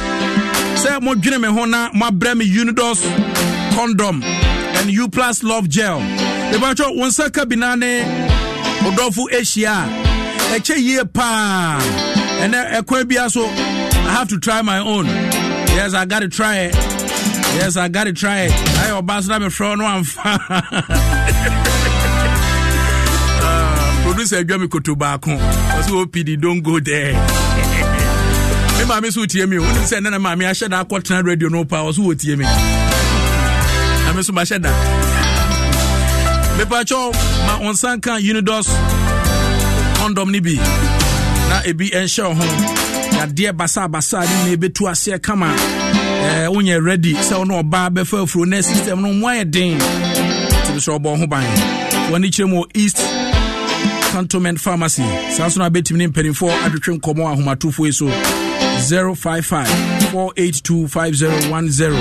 sɛ modwene me ho na moabrɛ me unidos condom and u plus love gel mebatwɛ wo nsa ka bina ne odɔfo ahyia a e ɛkyɛ yie paa ɛnɛ e ɛkwan e bia so i have to try my own yes i gotta try it Yes, I gotta try it. I will bounce down front one. Producer Jami Kotobako. Also, OPD, don't go there. Me maame so tie me. Woni sɛ nana maame ahyɛ da akɔtena radio no pa ɔso wɔtie me. Na me so mahyɛ da. Mepatwɔ ma ɔnsan ka Unidos condom ne bi. Na ebi ɛnhyɛ ho. Yadeɛ basabasa ne na ɛbɛtu aseɛ kama. Eh, wonyɛ ready sɛ wone ɔbaa bɛfa afuro na system no mmoayɛ den tumi sɛ ɔbɔ ho ban wɔne kyerɛ mu east cantonment pharmacy saa so no abɛtumi ne mpanimfoɔ atwetwe nkɔmmɔ ahomatofoɔ yi so 055 482 5010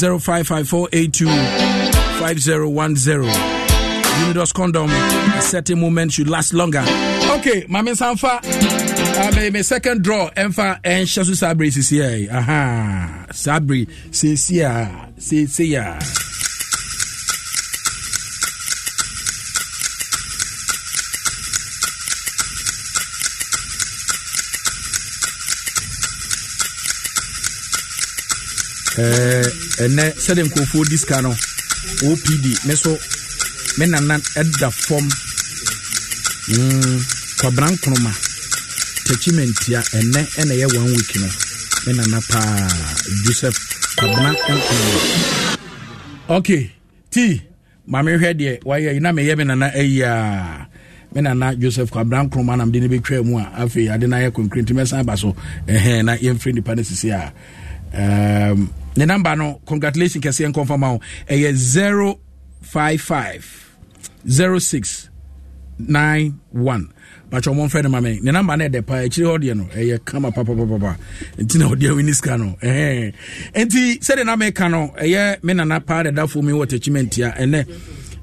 055 482 5010 Unidos condom, a certain moment should last longer. Okay, Mami Sanfa ame me second draw ɛmfa ɛnhyɛ so saa bere sisi yɛ aha saa bere sisi a sisi a. ɛnɛ eh, sɛde nkurɔfoɔ di sika no opd me so me nana ɛda fam mm, kwabena nkoroma attachment a ɛnɛ ɛna ɛyɛ one week no ne nana paa joseph kwabena nkono ok t maame hwɛ deɛ wayɛ yi na meyɛ me nana ayi a me nana joseph kwabena nkroma nam de ne bɛtwa mu a afei ade no ayɛ konkre nti mɛsan ba so ɛhɛn na yɛmfiri nipa no sisi a um, ne namba no congratulation kɛseɛ nkɔmfa ma wo ɛyɛ 055 06 91 bakyɛ ɔmo mfrɛ ni ma me ne namba no ɛdɛ paa akyiri hɔ deɛ no ɛyɛ kama papapapapa nti na ɔde awini sika no ɛhɛn nti sɛdeɛ na meka no ɛyɛ me nana paa deda fo mi wɔ tɛkyimɛnti a ɛnɛ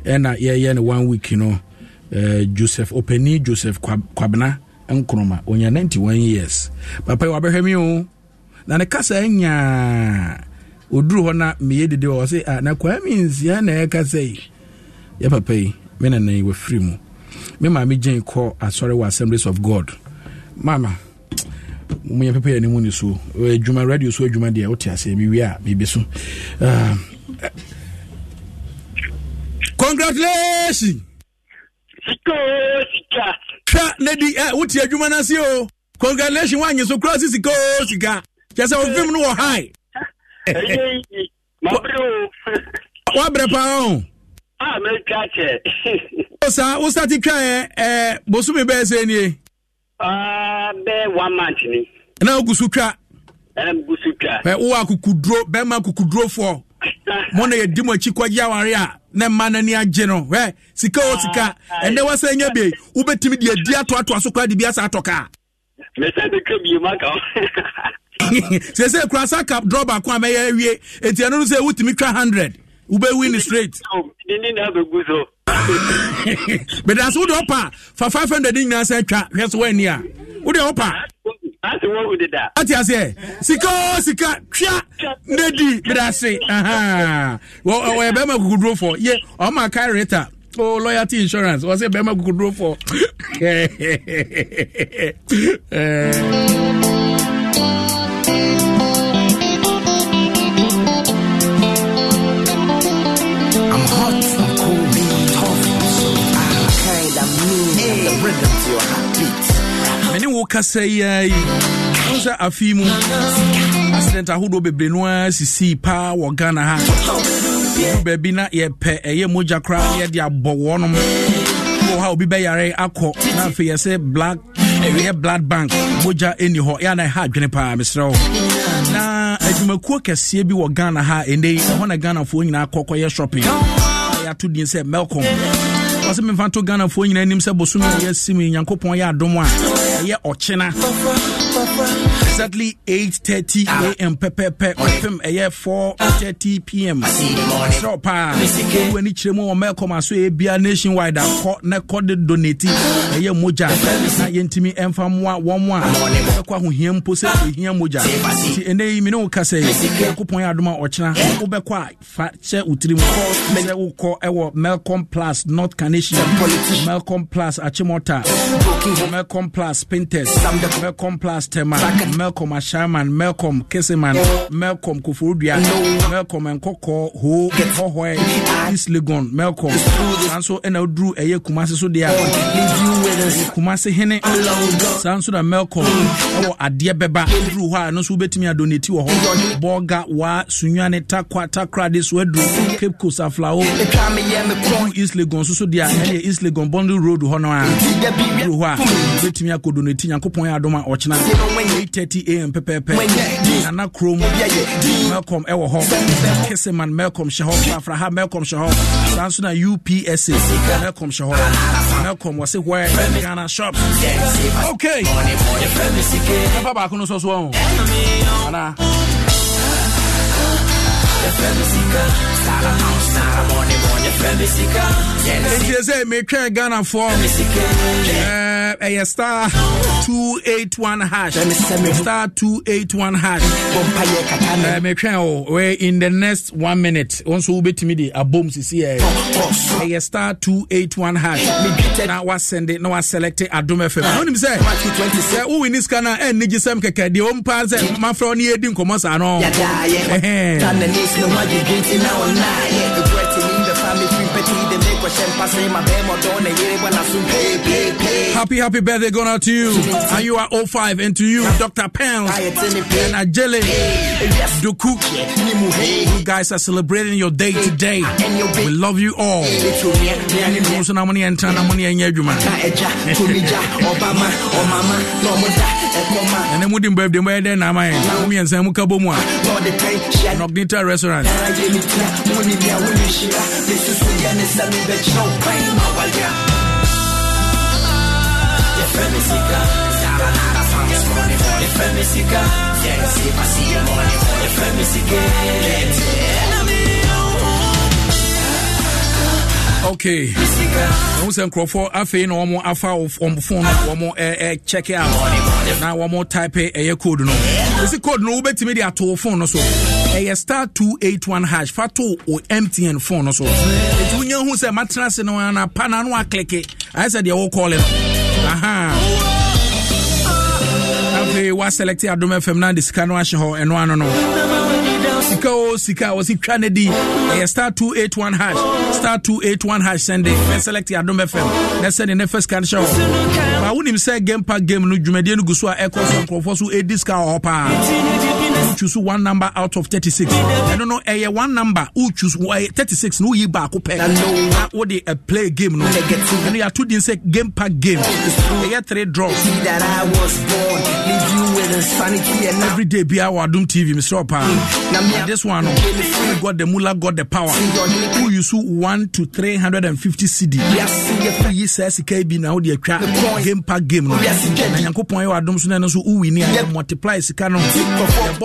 ɛna yɛyɛ no one week no ɛɛ eh, joseph Openi joseph kwabena nkroma ɔnya ninety one years papa yi wabɛhwɛ mi o na ne kasa nyaa oduru hɔ na mmea didi wɔ ɔsi a na kwame nsia na ɛkasa yi yɛ papa yi me nana yi wɔ firi mu me maame gyen kɔ asɔre wɔ assemblies of god mama monyɛ pɛpɛ yɛ ne mu ne so adwuma radio so adwuma deɛ wote asɛ mewie a biribi so congratulation hwɛ ne di wote adwuma no ase o congratulation woanye so kora se sika o sika kyɛ sɛ wofem no wɔ hae wabrɛ paa o a mɛtwa kyɛ. osa wosa ti twa yɛ e, ɛɛ e, bosumi bɛɛ sɛ nie. aa ah, one month ni. ɛnna o gusu twa. ɛnna o gusu twa. ɛ wo akukuduro bɛɛma akukudurofoɔ [LAUGHS] mo na yɛ di mo akyi kɔgye awari a ne mma n'ani agye no hɛ sika o sika ɛnna ah, eh. wasa nya bi wobɛtumi deɛ di e atoatoa so kora de bi asa atɔ kaa. mɛsɛn mi kɛ bi ma kan. sese kurasa cap drop ako a mɛyɛ awie eti ɛno no sɛ wotumi twa hundred win straight bɛde ase wode ɔpa fa 500 ne nyinaa sɛ twa hwɛ so woani a wode ɔpa ate aseɛ sika o sika twa na di bɛde ase wɔyɛ bɛrima kukudurofoɔ yɛ ɔma kae reta Oh, loyalty insurance. Was it Bema Gudrofo? [LAUGHS] wokasa yi ara yi wo sɛ afei mu accident ahodoɔ bebree no ara sisii paa wɔ ghana ha baabi na yɛpɛ ɛyɛ mogya koraa yɛde abɔ wɔnom wɔ ha obi bɛyare akɔ na afei yɛsɛ black ɛyɛ blood bank mogya ɛni hɔ ɛa ɛha adwene paa mesrɛ wo na adwumakuo kɛseɛ bi wɔ ghana ha ɛnɛ ɛhɔ na ghanafoɔ nyinaa kɔkɔyɛ shopping yɛato din sɛ melcom ɔsɛ memfa to ghanafoɔ nyina anim sɛ bosome a yɛasim nyankopɔn yɛ adom a ɛyɛ ɔkyena exactly 8:30 am pɛpɛpɛ FM ɛyɛ 4:30 pm srɛ paa wani kyerɛ mu wɔ mɛkɔma so ɛbia nationwide akɔ na kɔde donati ɛyɛ mogya na yɛntumi ɛmfa mmoa wɔm a bɛkɔ ahohia mpo sɛ ɛhia mogya nti ɛnɛ yi mene wo ka sɛ nyankopɔn yɛ adom a ɔkyena wobɛkɔ a fa hyɛ wo tiri mu sɛ wokɔ ɛwɔ melcom plus north canada Nation, Malcolm Plus Achimota, Malcolm Plus Pintes, Malcolm Plus Tema, Malcolm Ashaman, Malcolm Kesseman, Malcolm Kufurudia, Malcolm Nkoko, Ho, Hohoe, East Legon, Malcolm, Sanso Enodru, Eye Kumasi Sudia, Kumasi Hene, Sanso da Malcolm, Ewo mm. oh, Adie Beba, Edru Hwa, Nosu Ubetimi Adoneti Wo Ho, Boga Wa, Sunyane Takwa, Takra, Desu Edru, Cape Coast Aflao, East Legon, Susu Dia, ɛne east legon bondle road hɔ no a ɛwɔ hɔ a wobɛtumi akɔ donati nyankopɔn yɛ adom a ɔkyena 830am pɛpɛɛpɛ nana kurom melcom ɛwɔ hɔ keseman melcom hyɛ hɔ frafraha melcom hyɛ hɔ saa nso na upsa melcom hyɛ hɔ melcom wɔse hɔ ghana shop ok ɛfa baako no sɔ so ɔ anaa nti sɛ metwɛn ghanafoɔ ɛyɛ eh, eh, star 281 hash star 281 hash metwɛn o wɛ in the next one minute wo nso wobɛtumi de abom sisi ɛ eh. ɛyɛ star 281 hash na wasɛnde na waselɛcte adom fm wonim sɛ sɛ wowini sika no a ɛnni gye sɛm kɛkɛ deɛ ɔmpa sɛ mafrɛ wo ne yɛdi nkɔmmɔ saa no no matter what you getting now or not. The bread in the family, free petty, they make a champagne, my don't they hear when pay. Happy, happy birthday going out to you. And you are 05 and to you, Dr. Pen and Ajele Duku. You guys are celebrating your day today. We love you all. And then wouldn't birthday where then am I? Me and Samu Kabomwa. Nognita restaurant. This is the end of the show. FMCK Sarah from this morning for the FMCK Yeah, yes if I see you morning for the FMCK Okay. Ɔmo sɛ nkurɔfoɔ afei na wɔn afa wɔn phone na wɔn ɛɛ check out na wɔn type ɛyɛ eh, eh, code no. Esi code no wobɛtumi de ato phone no so. Ɛyɛ eh, star two eight one hash fa to o MTN phone no so. Etu nye hu sɛ matena se no na pa na no akiliki ayɛ sɛ deɛ wɔkɔɔle no. afei woaselɛcte adom fm na de sika no ahye hɔ ɛno ano no sika o sika wɔsi twa no di ɛyɛ star 281 hash star 281 hash sɛnde bɛselɛcte adom fm na sɛde ne fa sika no hyɛ hɔ ma wonim sɛ game park game no dwumadie no gu so a ɛkɔ so nkurɔfoɔ so ɛdi sika wɔ hɔ paa choose one number out of 36 I do ɛno no ɛyɛ one number who choose why eh, 36 na woyi baako pɛ na wode a play game no And ɛno yɛato din say game pack game ɛyɛ eh, three draws every day be our adom tv Mr. paa this one we got the mula got the power who use 1 to 350 cd woyi saa sika bi na the atwa game pack game no na nyankopɔn point. adom so no ɛno nso wowini a multiply sika no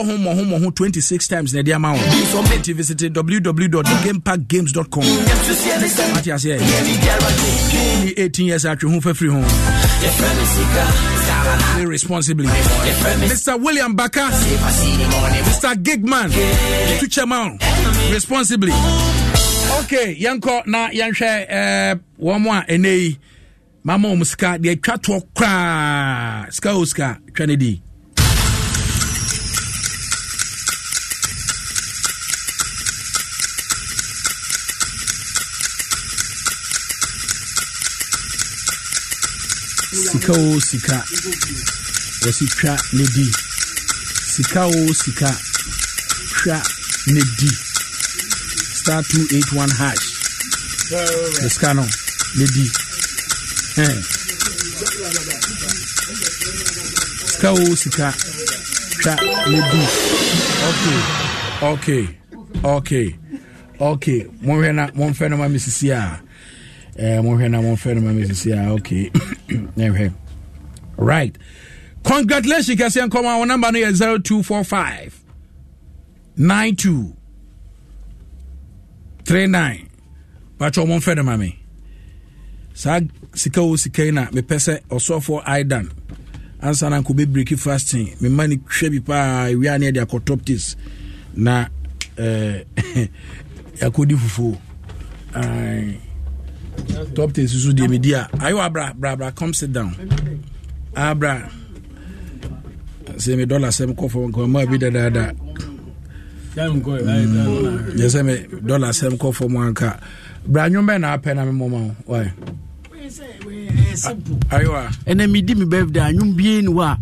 bɔ ho mmɔho mmɔho 26 times na ɛde ama wo nti visit www.gamepackgames.com ate aseɛ ne 18 years atwe ho fafiri ho Play responsibly. Mr. William Baka, Mr. Gigman, to responsibly. Okay, yɛnkɔ na yɛnhwɛ eh, wɔn a ɛnɛ yi mama wɔn sika deɛ twa toɔ koraa sika o sika o sika wɔsi twa ne di sika o sika twa ne di star two eight one hash ne sika no ne di ɛn eh. sika o sika twa ne di okay okay okay okay mo hwɛ na mo n fɛ no ma mi sisi a ɛɛ eh, mo hwɛ na mo n fɛ no ma mi sisi a okay ɛhwɛ [CLEARS THROAT] right Congratulations, congratulation kɛseɛ nkɔma wo number no yɛ 0245 92 39 bakyɛ ɔmo mfɛ no ma me saa sika wo sika yi na me sɛ ɔsɔfoɔ idan ansa na nkɔ bɛbreki fasting mema no hwɛ bi paa ɛwia ne ɛde akɔ toptis na eh, [LAUGHS] akɔdi fufuo top ten susu deɛ medi a Ayo abra, bra bra come sit down abra sɛ me dɔla sɛm kɔ fam nkɔma bi dadaada yɛ sɛ me dɔla sɛm kɔ fam anka bra nwom bɛ na apɛ na memɔma wo ayiwa ɛnɛ medi me birthday anwom bie ni hɔ a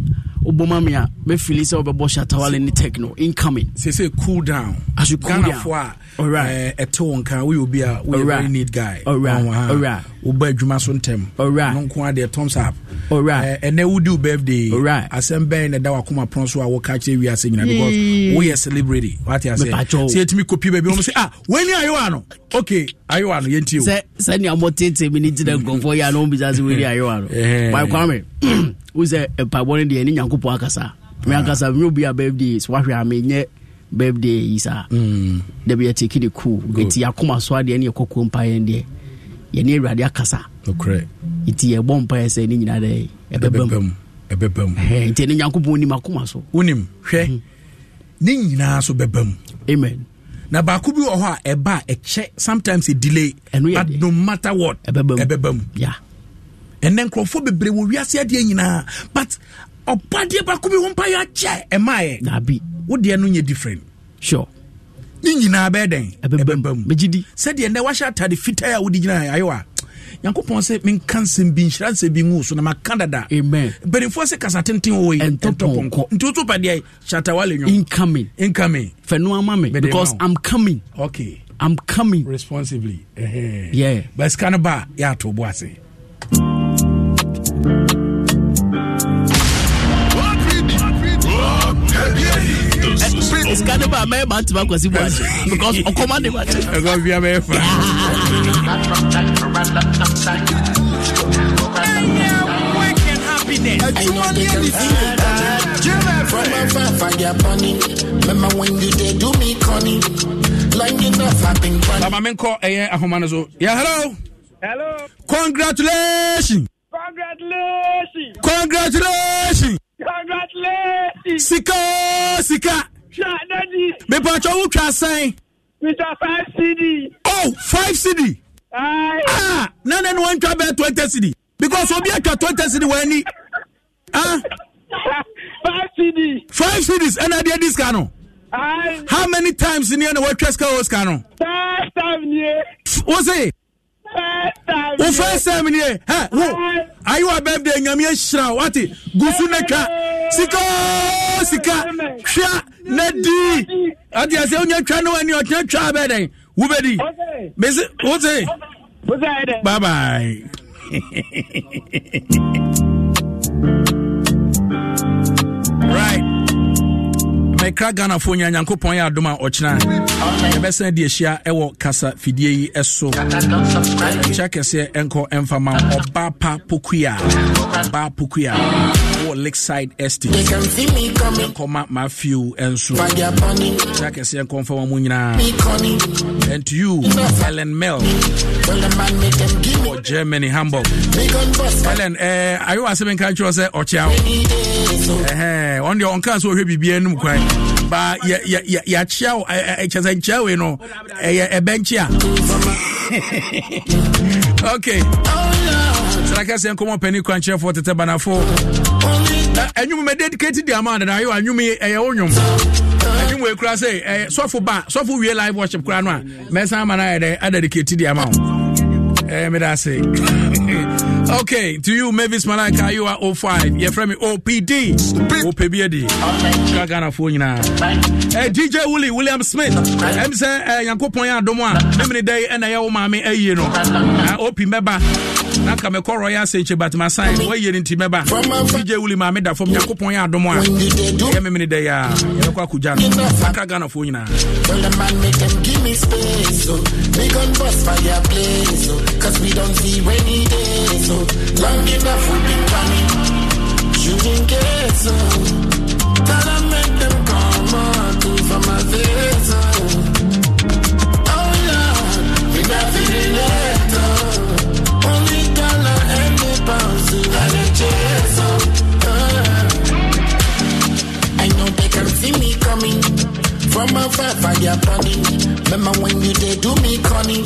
wobɔma me a mɛfili sɛ wobɛbɔ shatawale ne techno incoming sɛsɛ cool down I should cool ghanafoɔ eh, a ɛte wo nka woyɛ obi a woyɛ very neat guy wobɔ adwuma so ntɛm no nko adeɛ toms up ɛnɛ wodi wo birthday asɛm bɛn na ɛda wakoma prɔn so a woka kyerɛ wiase nyina because woyɛ celebrity wate asɛ sɛ yɛtumi kɔpi baabi ɔm sɛ ah wani ayowa no okay eh. ayowa no yɛntio sɛ sɛnea mɔtete me ne gyina nkɔmfoɔ yɛ a na ɔmbisa sɛ wani ayowa no kwame. [CLEARS THROAT] wo sɛ mpabɔ eh, no deɛ ne nyankopɔn akasa me akasa ah. me obi hmm. a birthday so wahwɛ oh, a menyɛ birthday yi saa da bi yɛteki de ku, ɛti akoma so adeɛ ne yɛkɔkɔ mpaeɛ deɛ yɛne awurade akasa nti yɛbɔ mpaeɛ sɛ ne nyina dɛ ɛbɛbam ɛbɛbam nti ne nyankopɔn nim akoma so wonim hwɛ ne nyinaa so bɛbam amen na baako bi wɔ oh, hɔ a ɛba a ɛkyɛ sometimes a delay but no matter what ɛbɛbam ɛbɛbam yeah ɛnɛ nkurɔfoɔ bebree wɔ wiase adeɛ nyinaa but ɔpadeɛ baako bi ho mpa yɛ akyɛ ɛmaeɛ dabi wodeɛ no nyɛ different sure ne nyinaa bɛɛ dɛn ɛbɛbam mɛgyidi sɛdeɛ nnɛ wahyɛ atade fitaa a wode gyina ayewa nyankopɔn sɛ menka nsɛm bi nhyira nsɛm bi nwu so na maka dada mpanimfoɔ sɛ kasa tenten wɔ ɛntɔpɔnkɔ nti woto padeɛ shatawale nwom incoming incoming fɛno ama me because i'm coming okay i'm coming responsibly yeah basika no ba yɛ ato bo ase sika ne ba mɛyɛ maa ntoma kwasi bu ase because ɔkɔma ne ba kyɛ. ɛkɔ bia mɛyɛ fa. Baba menkɔ ɛyɛ ahoma no so. Yeah, hello. Hello. Congratulations. Congratulations. Congratulations. Congratulations. Sika sika mepɛ kyɛ wotwa sɛn mita five cd. oh five cd. ayi. ah na ne ni wọn twa bɛɛ twenty cd because obi atwa twenty cd wɔ ani. ah. [LAUGHS] five cd. five cds ɛna deɛ di sika no. how many times ni ɛna wɔtwa sika wɔ sika no. five times ni ye. wo first time ni ye hɛ wo ayi wa birthday nyame ahyira wo ate gu so na sika sika twa na di ate sɛ wonya twa ne wani ɔtena twa a bɛdɛn wobɛdi mese wo se bye bye [LAUGHS] right mekra ghanafoɔ nya nyankopɔn yɛ adom a ɔkyena yɛbɛsan de ahyia ɛwɔ kasa fidie yi ɛso kyɛ kɛseɛ ɛnkɔ ɛmfama ɔba pa pokua ɔba pokua ɛwɔ lakeside estate yɛnkɔma mafew ɛnso kyerɛ kɛseɛ nkɔmfa wa mu nyinaa and to you helen mel wɔ germany hamburg helen eh, are ayɛ wɔ asɛm nka nkyerɛ sɛ ɔkyea wo ɛhɛ ɔno deɛ ɔnka sɛ ɔhwɛ biribia anom kwan ba yɛakyea wo kyɛ sɛ nkyea wei no ɛyɛ ɛbɛnkye a okay oh, like I say, come on, penny crunch for the tabanafo. And you may dedicate the amount that I knew me a onion. And you kura say, so for ba, so for real live worship crana. Messam and I dedicated the e, amount. Eh, me that say. Okay, to you, Mavis Malaka, you are 05. You're from OPD. OPBD. Ghana phone now. Hey, eh, DJ Willie, William Smith. I'm saying, eh, Yanko Poya Domoa. Memory day, and I owe mommy, you know. OP member. na nka mekɔ royal sɛnkyɛ but masan woayɛ no nti mɛba dj wuli maame da fam nyankopɔn yɛ adom a yɛ memene dɛ yɛ a yɛbɛkɔ akogya no akra ghanafoɔ nyinaa Long enough we've been coming, shooting gets old. That I make them come out from my face. Oh yeah, we got feeling it Only dollar and the pounds we got a chase I know they can see me coming. From afar, fire burning. Remember when you did do me corny?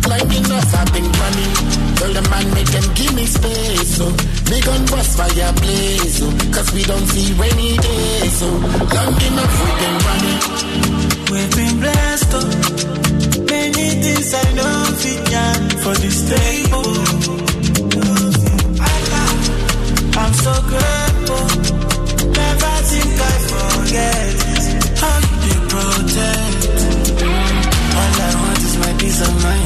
Climbing enough, I've been running. Tell the man, make them give me space. So, oh. big on bus fire blaze. So, oh. Cause we don't see rainy days. So, oh. long enough, we've been running. We've been blessed. Oh. Many things I know we can for this table. I'm so grateful. Never think I forget. is a man.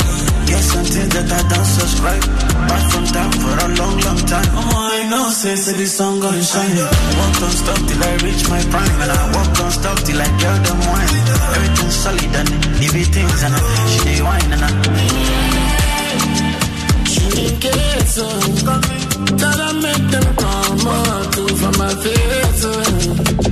Yeah, something that I don't subscribe. Back from down for a long, long time. All I know says that this song gonna shine. Walk on stop till I reach my prime. And I walk on stop till I get them wine. Everything solid and living things and I, she they wine and I. She get so that I make them come out from my face.